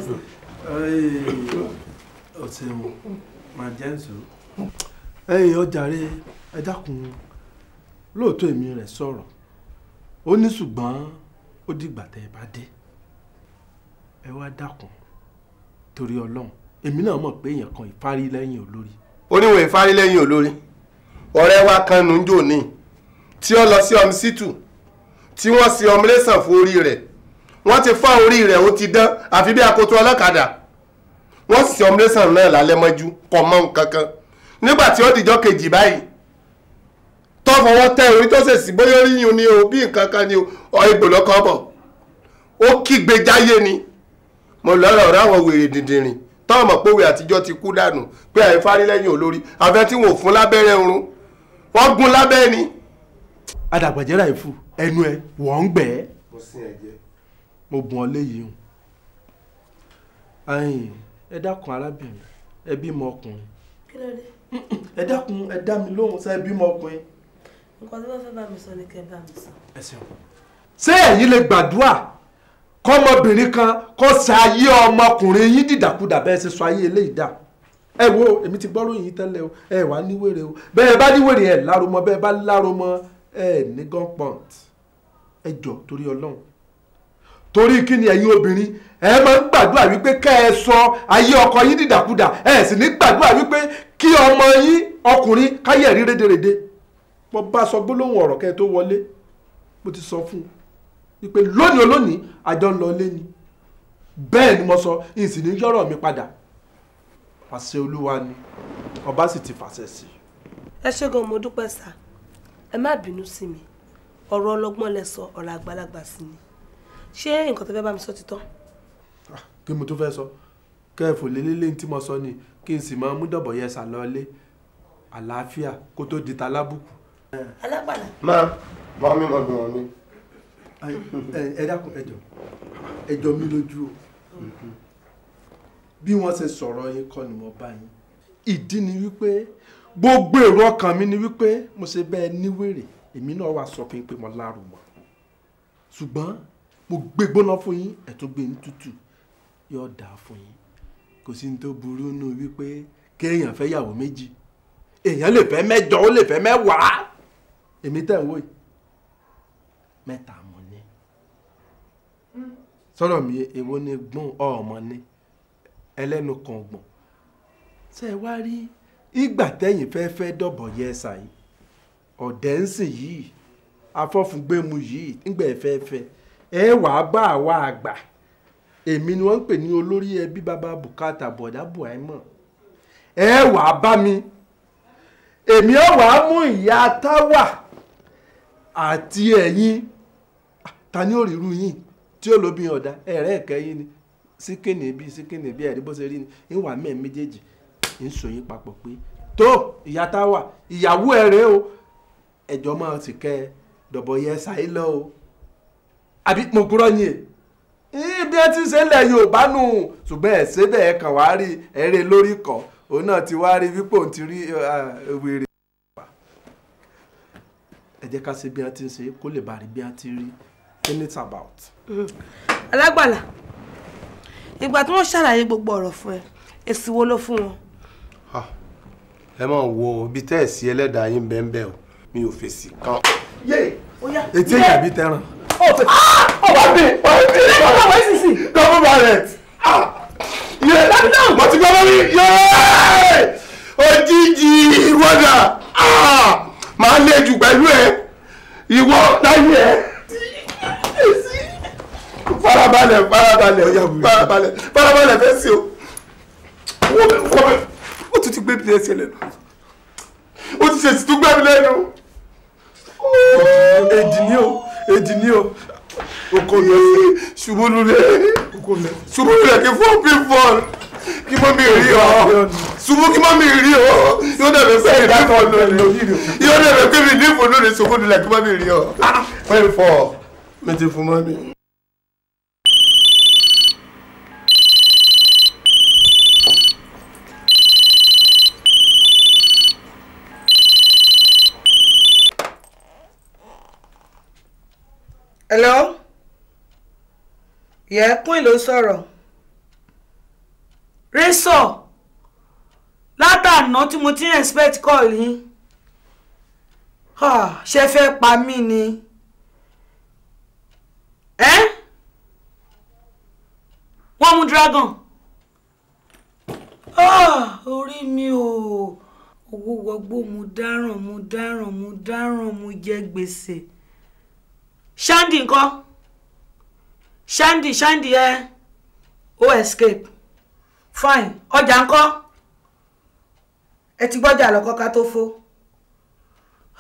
ọ̀sẹ̀ wò máa jẹ́ nsọ. ẹ̀yin ọjà rẹ ẹ dákun lóòótọ́ èmi rẹ̀ sọ̀rọ̀ ó ní ṣùgbọ́n ó dìgbà tẹ́ ẹ bá dé ẹ wá dákun torí ọlọ́run èmi náà mọ̀ pé èèyàn kan ìfárí lẹ́yìn olórí. oníwèé ìfárí lẹ́yìn olórí ọ̀rẹ́ wa kan nù ń jò ní tí ó lọ sí ọmísítù tí wọ́n sì ọmọlẹ́sàn fún orí rẹ̀ wọ́n ti fọ́ orí rẹ̀ ó ti dán àfi bí akoto ọlọ́kadà wọ́n sì ọmọlẹ́sàn náà lálẹ́ mọ́jú kọ̀ mọ́ nǹkan kan nígbà tí ó dìjọ́ kejì báyìí tó fọwọ́ tẹ orí tó ṣèṣì bóyá orí ni o bí nǹkan kan ni o ọ̀ egbò lọ́kọ̀ ó kígbe jáyé ni mo lọ́rọ̀ ráwọn wèrè dìndìnrìn táwọn mọ̀ pé òwe àtijọ́ ti kú dànù pé àìfárí lẹ́yìn olórí àfẹ́ tí wọn ò fún lábẹ́rẹ́ oorun wọ́n gún lábẹ́ ni. adàgbàjẹ́ ra ìfù ẹnu ẹ wọ́n ń gbẹ́. mo sin bùn ọ léyìí o. ayin ẹ dákun arábìnrin ẹ bímọ ọkùnrin. kí ló dé. (clears throat) ẹ dákun ẹ dá mi lóhùn sẹ ẹ bímọ ọkùnrin. nǹkan tí wọ́n fẹ́ bá mi sọ ni kẹ́ bá mi sọ. ẹ ṣeun. lè gbàdúrà kọ́mọbìnrin kan kó ṣayé ọmọkùnrin yín dìdàkudà bẹ́ẹ̀ ṣe sọ ayé eléyìí dà ẹ wo èmi ti gbọ́ ròyìn tẹ́lẹ̀ o ẹ wà níwèrè o bẹ́ẹ̀ bá níwèrè ẹ lárúmọ bẹ́ẹ̀ bá lárúmọ ẹ ní gun point ẹ jọ torí ọlọ́run torí kí ni ẹ̀yin obìnrin ẹ máa ń gbàdúrà wípé kẹ́ ẹ sọ ayé ọkọ yín dìdàkudà ẹ sì ní gbàdúrà wípé kí ọmọ yín ọkùnrin káyẹ̀ rí rédèrèdè bá sọ gbólóhùn ọ̀rọ̀ kẹ́ ẹ tó wọlé mo ti sọ fún un wípé lónìí olónìí àjọ ń lọ lé ni bẹ́ẹ̀ ni mo sọ ìsìn ní yọ̀rọ̀ mi padà àṣẹ olúwa ni ọba sì ti fàṣẹ sí i. ẹ ṣé gan mo dúpẹ́ sá ẹ má bínú sí mi ọ̀rọ̀ ọlọ́gbọ́n lẹ sọ ọ̀rọ̀ àgbàlagbà sí ni ṣé nǹkan tó fẹ́ bá mi sọ ti tán. Ah, kí mo tún fẹ́ sọ kẹ́ẹ̀fù lélẹ́lẹ́ tí mo sọ ni kí n sì máa mú dọ̀bọ̀ yẹn sà lọ́lé àlàáfíà kó tó di ta lábùkù. alágbàlá. máa mọ mi mọ bí wọn ní ẹ dákun ẹjọ ẹjọ mi lójú o bí wọ́n ṣe sọ̀rọ̀ yín kọ́ ni mo bá yín ìdí ni wípé gbogbo èrò ọkàn mi ni wípé mo ṣe bẹ́ẹ̀ níwèrè èmi náà wà sọ pé mo láàrú mọ́ ṣùgbọ́n mo gbé gbóná fún yín ẹ tún gbé ní tútù yóò dáa fún yín kò sí ní tó burú nù wípé kéèyàn fẹ́ yàwó méjì èèyàn lè fẹ́ mẹ́jọ ó lè fẹ́ mẹ́wàá èmi tẹ̀ ń wò yìí mẹ́ta sọ̀rọ̀ mi èwo ni gbọ́n ọmọ ni ẹlẹ́nu kan gbọ̀n ṣe é wá rí ìgbà tẹ́yìn fẹ́ fẹ́ dọ̀bọ̀ yẹ ẹ̀sà yìí ọ̀dẹ́ ń sìn yìí afọ́fúngbẹ́mu yìí ńgbà ẹ̀fẹ́ fẹ́ ẹ wàá bá àwa àgbà èmi ni wọ́n ń pè ní olórí ẹbí bàbá bùkátà bọ̀dá buhaimọ̀ ẹ wàá bá mi èmi ẹ wàá mú ìyá táwà àti ẹ̀yin ta ni ó rí irú yìí tí ó lóbi ọ̀dà ẹ̀rẹ́ ìkẹyìn ni síkìnì bí síkìnì bí ẹ̀rí bó ṣe rí ni ìwà mẹ́ẹ̀ méjèèjì ń sòyìn papọ̀ pé tó ìyá táwa ìyàwó ẹ̀ rèé o ẹ̀jọ̀ máa sì kẹ́ ẹ dọ̀bọ̀ yẹ ṣáyé lọ o àbí mo kúrọ́ yín ẹ̀ e? bí ẹ ti ṣe ń lẹ̀ Yorùbá nù ṣùgbọ́n ẹ̀ ṣe bẹ́ẹ̀ kàn wá rí ẹ̀rẹ́ lórí kọ̀ òun náà ti wá rí wípé òun ti rí wèrè. ká ṣe bí wọ́n ti ṣe kó lè bá rí bí wọ́n ti rí in it about. Mm. alágbàlà ìgbà tí wọ́n ṣàlàyé gbogbo ọ̀rọ̀ fún ẹ èsì wo ló fún wọn. ẹ mọ̀ wo ibi tẹ́ ẹ̀ sí ẹlẹ́dàá yín bẹ́ẹ̀ bẹ́ẹ̀ o mi ò fèsì kan. etí èyí àbí tẹ́ràn. Ah! ọba mi ọba mi ọba mi sisi. government ah! mo ti gbọ́ lórí òjijì Ah. máa lè jù pẹ̀lú ẹ ìwọ láyé ẹ farabalẹ̀ farabalẹ̀ ọ̀yà farabalẹ̀ farabalẹ̀ fẹ́ sí o wọ́n bẹ wọ́n bẹ o, tún ti gbé mi lẹ́sẹ̀ lẹ́nu o, ti ṣèṣì tún gbé mi lẹ́nu èjì ni o èjì ni o oko lẹ ṣubú lulẹ̀ ṣubú lulẹ̀ kí fún pífọ́n kí mọ́ mi rí ọ ṣubú kí mọ́ mi rí ọ yóò dẹ̀bẹ̀ pé mi nífọ̀nù rẹ̀ yóò dẹ̀bẹ̀ pé mi nífọ̀nù rẹ̀ ṣubú lulẹ̀ kí mọ́ mi rí ọ pífọ́ ah, ah. mi ti fún mọ́ mi. hello yẹ Queen ló sọ̀rọ̀ rẹ́sọ̀ látàná tí mo ti ń expect call yín ṣe fẹ́ pa mí ni ẹ́ wọ́n mú dragon orí mi ò owó wọgbó mo dáràn mo dáràn mo dáràn mo jẹ gbèsè. shandy nkọ shandy shandy ẹ o escape fine ọjà nkọ ẹ ti gbọ́jà lọ́kọ́ ká tó fó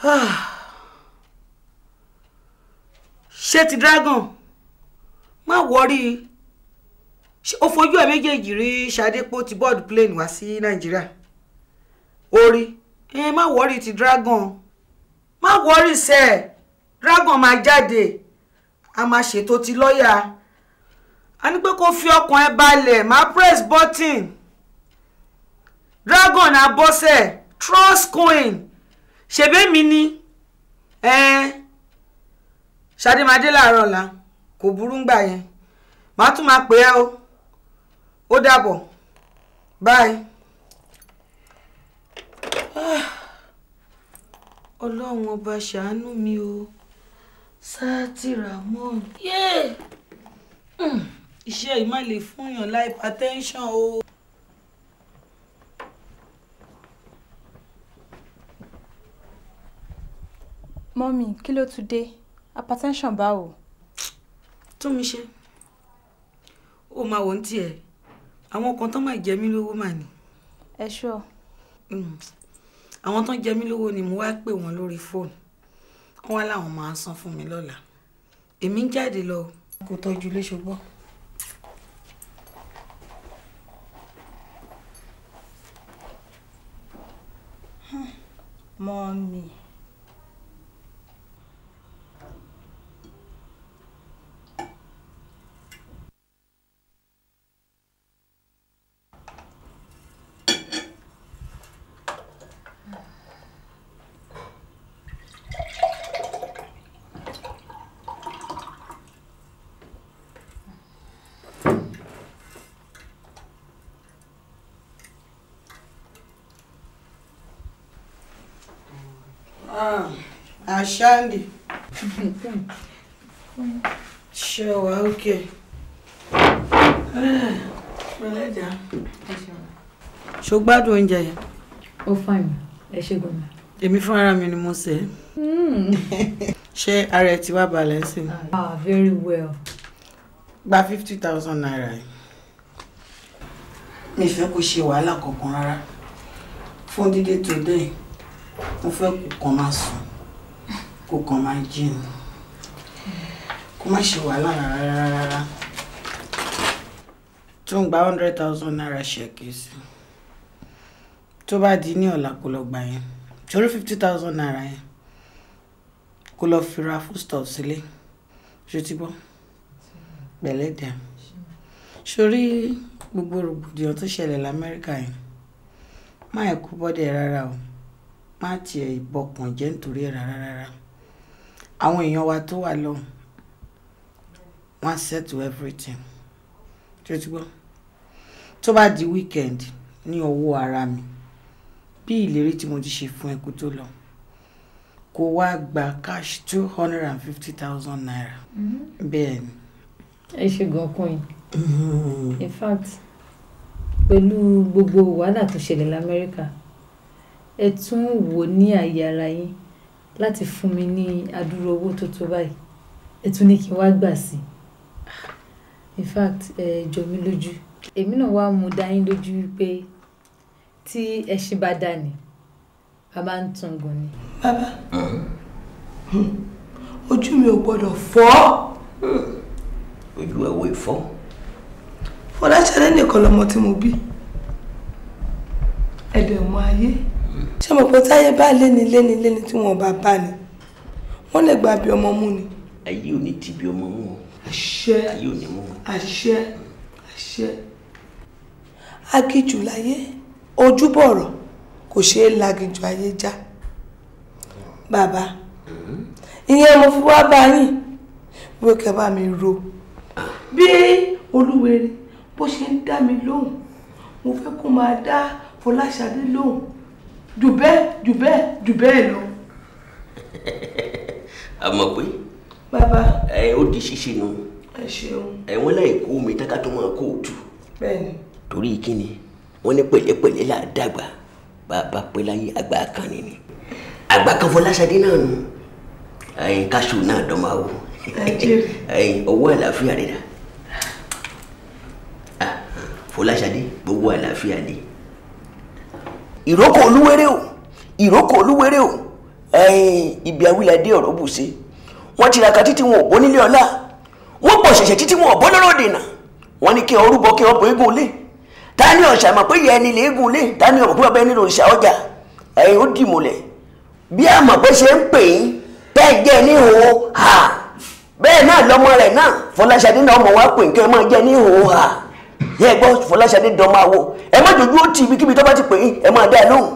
(sighs) ṣé ti dragon má wọrí o fojú ẹ méjèèjì rí ṣadépo ti board plane wá sí nàìjíríà orí ẹ má wọrí ti dragon má wọrí sẹ́ẹ̀. dragon máa jáde a máa ṣètò ti lọ́ọ̀yà a ní pé kó fi ọkàn ẹ balẹ̀ máa press button dragon abọ́sẹ̀ trust coin ṣèbémi ni ṣàdémadé làárọ̀ la kò burú ń gbà yẹn màá tún máa pè ẹ́ o ó dàbọ̀ bye. Ah, ọlọ́run ọba ṣàánú mi o. Sátì Ramon. Yéè! Hmm. Iṣẹ́ yìí má lè fúnyàn lá hypertension o. Mọ́mì, kí ló tún dé? Hypertension báwo? Tún mi ṣe. Ó máa wọ̀ ní tiẹ̀. Àwọn kan tán máa jẹ mí lówó mà ní. Ẹ ṣọ́. Hmm. Àwọn tán jẹ mí lówó ni mo wá pè wọ́n lórí fóònù wọ́n wá láwọn máa san fún mi lọ́la èmi ń jáde lọ. kò tọ́jú ilé ṣùgbọ́n. mọ́mí. Hmm. Ashandi. Ṣé wà ókè? Pẹ̀lẹ́dà. Ṣo gbádùn oúnjẹ yẹn? Ó fàyàn, ẹ ṣe gbọ́dọ̀. Èmi fúnra mi ni mo ṣe é. Hmm. Ṣé ara ẹ ti wá balẹ̀ sí i? Ah, very well. Gba fifty thousand naira yìí. Mi fẹ́ kó ṣe wàhálà kankan rárá. Fún dídé tó dé, mo fẹ́ kó kàn máa sùn kó kàn máa jí ni kó má ṣe wàhálà rárá rárá tó ń gba hundred thousand naira ṣèkì sí tó bá di ní ọ̀la kó lọ gbà yẹn torí fifty thousand naira yẹn kó lọ fi ra foodstuff sílé ṣe ti bọ́ pẹ̀lẹ́dẹ̀ sórí gbogbo rògbòdìyàn tó ṣẹlẹ̀ lamẹ́ríkà yẹn má ẹ̀kú bọ́dẹ̀ rárá o má tiẹ̀ ìbọkàn jẹ́ nítorí ẹ̀ rárá rárá àwọn èèyàn wa tó wà lọ́hùn wọ́n á settle everything tí o ti gbọ́ tó bá di weekend ní ọwọ́ ara mi bí ìlérí tí mo ti ṣe fún ẹ kó tó lọ kó wá gba cash two hundred and fifty thousand naira mm-hmm. bẹ́ẹ̀ ni. ẹ ṣe gọkùn yìí in fact pẹ̀lú gbogbo wàhálà tó ṣẹlẹ̀ lamẹ́ríkà ẹ tún wò ní àyè ara yín láti fún mi ní adúrú owó tó tó báyìí ẹ tún ní kí n wá gbà sí i in fact ẹ jọ mí lójú èmi náà wá mú dá lójú pé tí ẹṣin bá dà ní bàbá ń tún gùn ni. bàbá hm. ojú mi ò gbọ́dọ̀ fọ́ hm. ojú ẹ̀ wò ìfọ́ fọláṣẹ́lẹ́ nìkan lọmọ tí mo bí ẹ̀dẹ̀ mọ ayé ṣé mo pé táyé bá léni léni léni tí wọn bá bá ni wọn lè gba bí ọmọ mú ni. ayé ò ní ti bí ọmọ mú o. àṣẹ ayé ò ní mú o. àṣẹ àṣẹ. agijù láyé ojúbọ̀rọ̀ kò ṣeé lagijù ayé já bàbá hmm? ìyẹn mo fi wá bá yín wíwé kẹ bá mi ro bí olúwere bó ṣe ń dá mi lóhùn mo fẹ́ kó máa dá Fọláṣadé lóhùn jù bẹ́ẹ̀ jù bẹ́ẹ̀ jù bẹ́ẹ̀ lọ. a mọ̀ pé. bàbá. ẹ ó di ṣíṣe nu. ẹ ṣeun. ẹ wọ́n láì kó omi tákà tó máa kó òtù. bẹ́ẹ̀ni. torí kíni wọ́n ní pẹ̀lẹ́pẹ̀lẹ́ là á dàgbà bàbá pẹ́ láyé àgbà kan nìyí àgbà kan fọláṣadé náà nù ẹyin káṣù náà dọ́mà o ẹyin ọwọ́ àlàáfíà rẹ̀ dà ah, fọláṣadé gbogbo àlàáfíà rẹ̀ dà. ìrókò olúwéré o ìrókò olúwéré o ẹyin ibi awílẹ̀ ọ̀rọ̀ bù ṣe wọ́n tiraka títí wọn ò bó nílé ọlá wọ́n pọ̀ ṣẹ̀ṣẹ̀ títí wọn ò bó lọ́rọ̀ dènà wọ́n ní kí ọ rúbọ tani ọ̀sà mọ̀ pé yẹ ẹni lè eégún lé tani ọjà ó dì bí àmọ̀ pé ṣe ń pè é bẹ́ẹ̀ jẹ́ ní ìhòòhò ha bẹ́ẹ̀ náà lọ́mọ rẹ̀ náà Fọláṣadé náà ọmọ ha yẹ ẹ gbọ́ Fọláṣadé dọ́mọ àwo ẹ má jòjú ó tì ibikíbi tó bá ti pè yín ẹ máa dá a lóhùn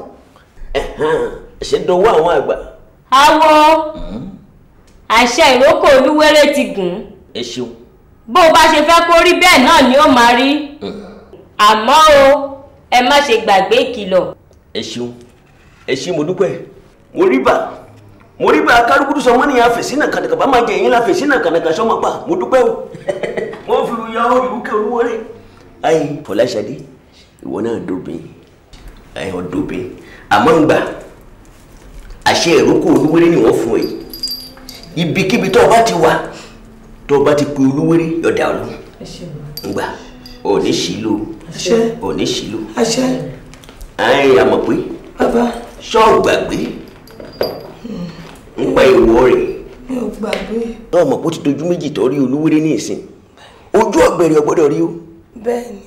ṣe dọwọ́ àwọn àgbà. awo hmm? àṣẹ ìrókò olúwẹ́rẹ́ ti gùn. ẹ ṣeun. bó o bá ṣe fẹ́ kó rí bẹ́ẹ̀ náà ni ó máa rí àmọ́ o ẹ má ṣe gbàgbé ìkìlọ̀. ẹ ṣeun ẹ ṣe mo dúpẹ́ mo rí bà mo rí bá kárùkùtù sọ wọn ni a fèsì náà kàdàkà bá máa jẹ yín la fèsì náà kàdàkà sọmọ pa mo dúpẹ́ o. (laughs) wọ́n fi lu yàrá ìlú kẹ́ olúwọ́rẹ́ ẹyin fọláṣadé ìwọ náà dóbin ẹyin ọdóbin àmọ́ ń gbà àṣẹ ìrókò olúwéré ni wọ́n fún ẹ ibikíbi tó o bá ti wá tó o bá ti pe olúwéré yọ̀dà ọ̀lú ń gbà òní sílò òní sílò ẹyin àmọ̀ pé ṣọ́ọ̀ gbàgbé ń pa ìwọ rẹ̀ mi ò gbàgbé. ọmọ kò ti dojú méjì tó rí olúwéré ní ìsìn ojú ọ̀gbẹ̀rẹ̀ ọ̀gbọ́dọ̀ rí o bẹ́ẹ̀ni.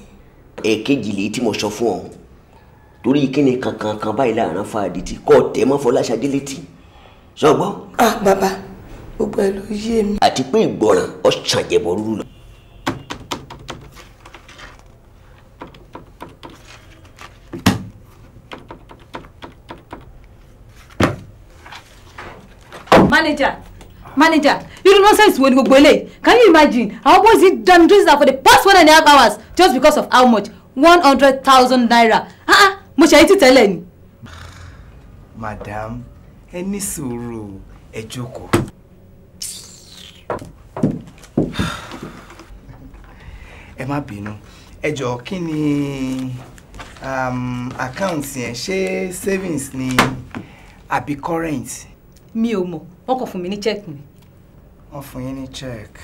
èkejì lèyí tí mo sọ fún ọ torí kíni kankan kan báyìí láàrin fàdí tí kò tẹ mọ́ Fọláṣadé létí sọgbọ. ah bàbá gbogbo ẹ ló yé mi. àti pé ìgbọràn ọ̀sán jẹ̀bọ̀ rúru lọ. manager manager irú nonsense wo ni gbogbo eléyìí can you imagine our boys dey done do this for the past one and a half hours just because of how much one hundred thousand naira ah, ah mo ṣe àyítí tẹ́lẹ̀ ni. madam ẹ ní sùúrù ẹ jókòó. (sighs) ẹ má bínú ẹ jọ̀ọ́ kí ni àkáǹtì um, yẹn ṣé savings ni àbí current. mi ò mọ̀ wọ́n kàn fún mi ní check ni wọ́n fún yín ní check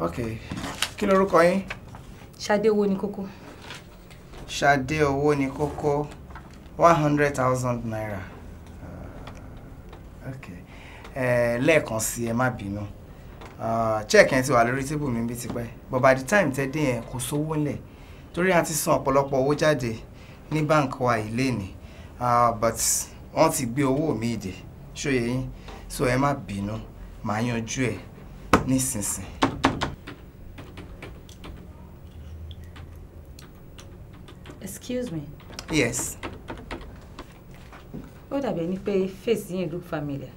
ok kí lorúkọ yín. ṣadé owó ní kókó. ṣadé owó ní kókó one hundred thousand naira ok lẹ́ẹ̀kan sí ẹ má bínú check yẹn ti wà lórí tíbù mi bíi tipẹ́ but by the time tẹ́ dé yẹn kò sówó ńlẹ̀ torí a ti san ọ̀pọ̀lọpọ̀ owó jáde ní báǹkì wa yìí lénìí but wọ́n ti gbé owó mi dè ṣóyè yín so ẹ má bínú. No? màá yanjú ẹ̀ nísinsìnyí. Excuse me. Yes. Ó dàbí ẹni pé face yín look familiar.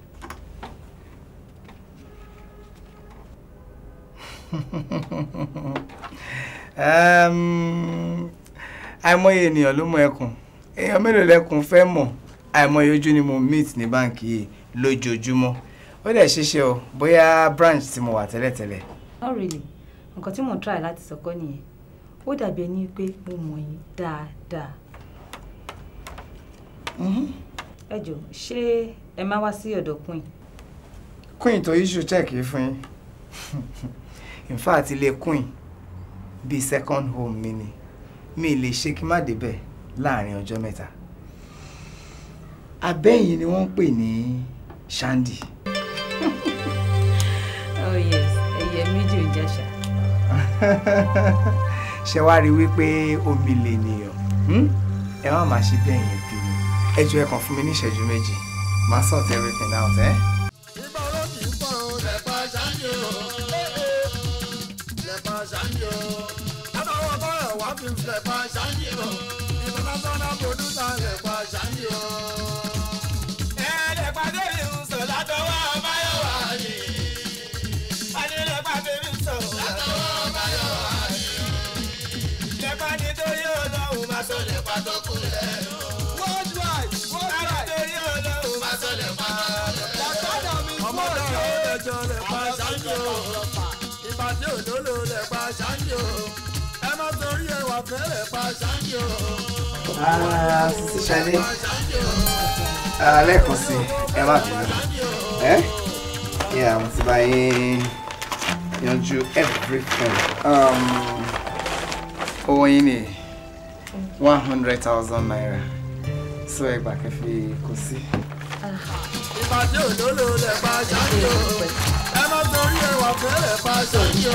àìmọye ènìyàn ló mọ ẹkùn èèyàn mélòó lẹkùn fẹ́ mọ̀ àìmọye ojú ni mo meet ní báǹkì yìí lójoojúmọ́ ó dẹ̀ ṣeéṣe o bóyá branch tí mo wà tẹ́lẹ̀tẹ́lẹ̀. not really nǹkan tí mo try láti sọkọ nìyẹn ó dàbí ẹni pé mo mọ̀ yín dáadáa. Mm-hmm. ẹ jọ ṣé ẹ máa wá sí ọ̀dọ̀ queen. queen tó issue check yìí fún yín in fact ilé queen bíi second home mi ni mi lè ṣe kí má débẹ̀ láàrin ọjọ́ mẹ́ta abẹ́yìn ni wọ́n ń pè ní shandy. ṣe wá rí wípé omi lè nìyàn hmm? ẹ má máa ṣe bẹ́ẹ̀ yẹn bí mi ẹ jọ ẹ kàn fún mi ní ìṣẹ́jú méjì máa sort everything out ẹ. ìgbà wo kì sísí ṣadé lẹ́ẹ̀kan sí ẹ má bínú ẹ yẹ àwọn ti bá yín yanjú everything um, owó yín ni one hundred thousand naira so ẹ gbà kẹfì kò sí. ìpàdé òdòdó lè pa ṣáájú ẹ má torí ẹwà kẹlẹ pa ṣáájú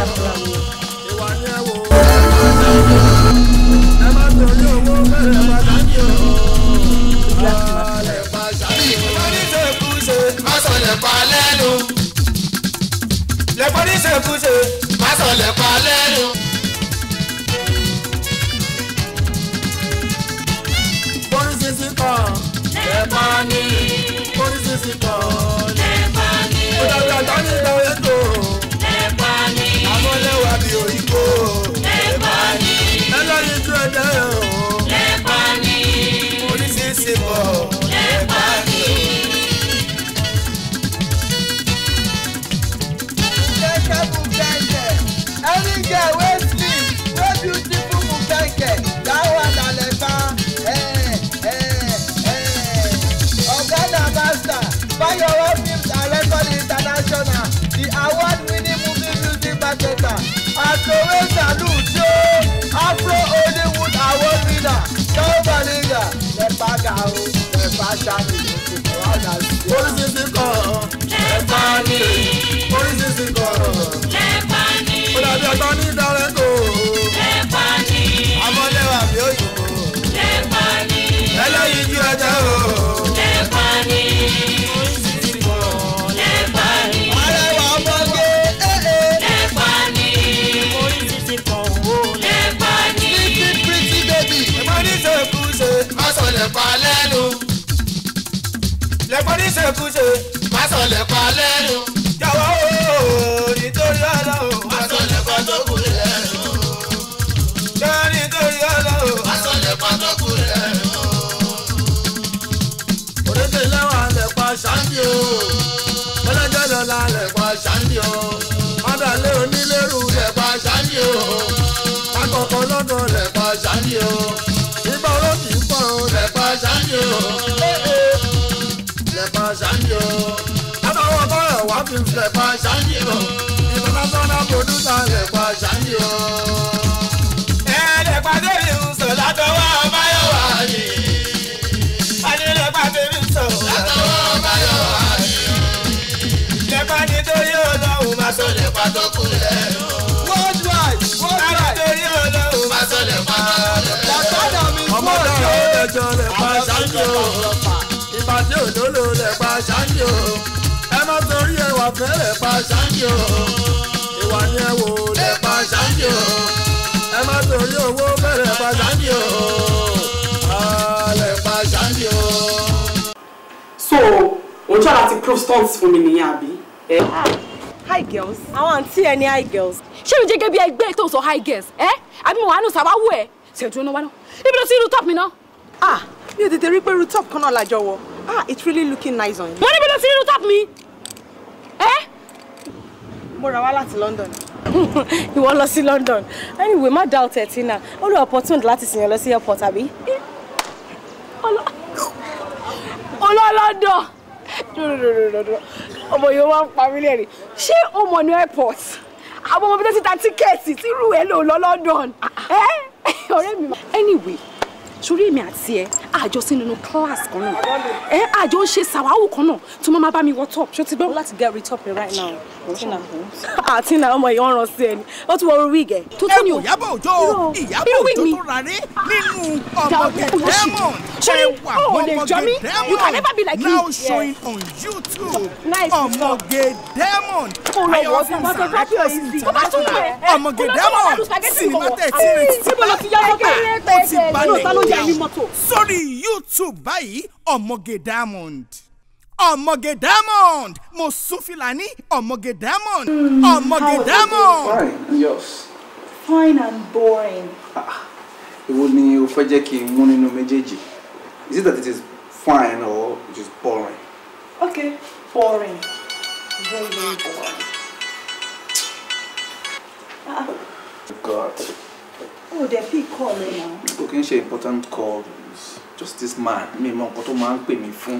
ìwà ni ẹ wò ó ẹ má torí owó mẹ́rẹ̀ má dání o. Ọ̀lẹ̀ pa ṣáyé. Lẹ́pọ̀lì ṣe kú ṣe, má sọ lẹ̀ pa lẹ́nu. Lẹ́pọ̀lì ṣe kú ṣe, má sọ lẹ̀ pa lẹ́nu. Orí sísí kan, lẹ́pọ̀ ni. Orí sísí kan. marketer akọ̀wé sàlù tí ó afro hollywood award winner john baliga lẹ́pà gàù lẹ́pà ṣáàbì lọ́kùnrin ọ̀dà sí i. oríṣiríṣi kọ̀ọ̀rọ̀ ẹ̀ka ni oríṣiríṣi kọ̀ọ̀rọ̀. lẹ́pa lẹ́nu. lẹ́pọ̀ ní ṣèkúṣe. má sọ lẹ́pa lẹ́nu. jọ̀wọ́ o nítorí ọlọ́run. má sọ lẹ́pa tó kù lẹ́nu. jọ̀wọ́ nítorí ọlọ́run. má sọ lẹ́pa tó kù lẹ́nu. òrèké lẹ́wọ̀n àlẹ́pà ṣáńdì o. mọ́lẹ́jọ́ lọ́la àlẹ́pà ṣáńdì o. mọ́dàlẹ́ onílẹ̀rù lẹ́pà ṣáńdì o. akọ̀kọ̀ lọ́dọ̀ lẹ́pà ṣáńdì o sanjo flepa sanjo látọwọ́ bọ́ọ̀lù wá fi flepa sanjo international producer flepa sanjo. ẹ̀ẹ́dẹ̀gbà débi ń sọ látọwọ́ báyọ̀wá ni. adélẹ́gbà débi ń sọ látọwọ́ báyọ̀wá ni. lẹ́pà nítorí ọ̀nà òun máa sọ lẹ́pà tó kù lẹ́nu. ṣáńjì o ẹ má torí ẹwà fẹ́rẹ̀ pa ṣáńjì o ìwà ni ẹ wò lè pa ṣáńjì o ẹ má torí owó fẹ́rẹ̀ pa ṣáńjì o àlẹ́ pa ṣáńjì o. so òun ṣáà láti prove stunts fún mi nìyẹn àbí. Eh? Ah, hi girls àwọn àǹtí ẹ ní hi girls ṣé mi jẹ́ gẹ́gẹ́ bí ẹgbẹ́ tó sọ hi girls ẹ́ eh? àbí mo wà nù sábà wù ẹ́ ṣèjú náà wá náà ibi tó ti rú top mi náà. ah mi ò tètè rí pé rú top kan náà lájọ wọ. Ah, it's really looking nice on you. Mo ní bí ló ti rí rooftop mi? Ẹ́. Mo rà wá láti London. (laughs) Ìwọ lọ sí London. Anyway, má dá ọ̀tẹ̀ tí náà. Ó lè opportunity láti sìn yàn lọ sí airport àbí? Olólọ́dọ̀. Ọmọ yóò wá ń pa mí lẹ́rìn. Ṣé o mọ̀ ní airport? Àwọn ọmọ bíi tó ti ta tíkẹ́ẹ̀tì tí irú ẹ̀ lò lọ London. Ah, ah. Ẹ́ (laughs) ọ̀rẹ́ mi. Anyway sórí èmi àti ẹ àjọ sí class kan náà ẹ àjọ ń ṣe sàwáwù kan náà tó máa bá mi wọ top ṣó ti gbọ́. láti get rid right now tina ah tina ọmọ yìí wọn ràn sí ẹni ó tún wọ orí wíìgì ẹ tó tún ní o ìyábọ̀ òjó ah, ìyábọ̀ òjó tó rà rí nínú ọmọ gẹdẹmọn ṣe wà ọmọ gẹdẹmọn now showing on YouTube ọmọ gẹdẹmọn ayọwọ fún sàrẹkọ international ọmọ gẹdẹmọn sinimátẹ tirẹ tí bá ẹgbẹ ó ti balẹ̀ sórí YouTube báyìí ọmọ gẹdẹmọn ọmọge diamond mo sún fìlàní ọmọge diamond hmm, ọmọge diamond. fine yes. fine and boring. èwo ah, ni o fẹ́ jẹ́ kí n mú nínú méjèèjì is it that it is fine or it is boring. okay boring very very boring. Ah. God. Oh, the big call now. Kò kí important call just this man Me, mọ nǹkan tó máa ń pè mí fún.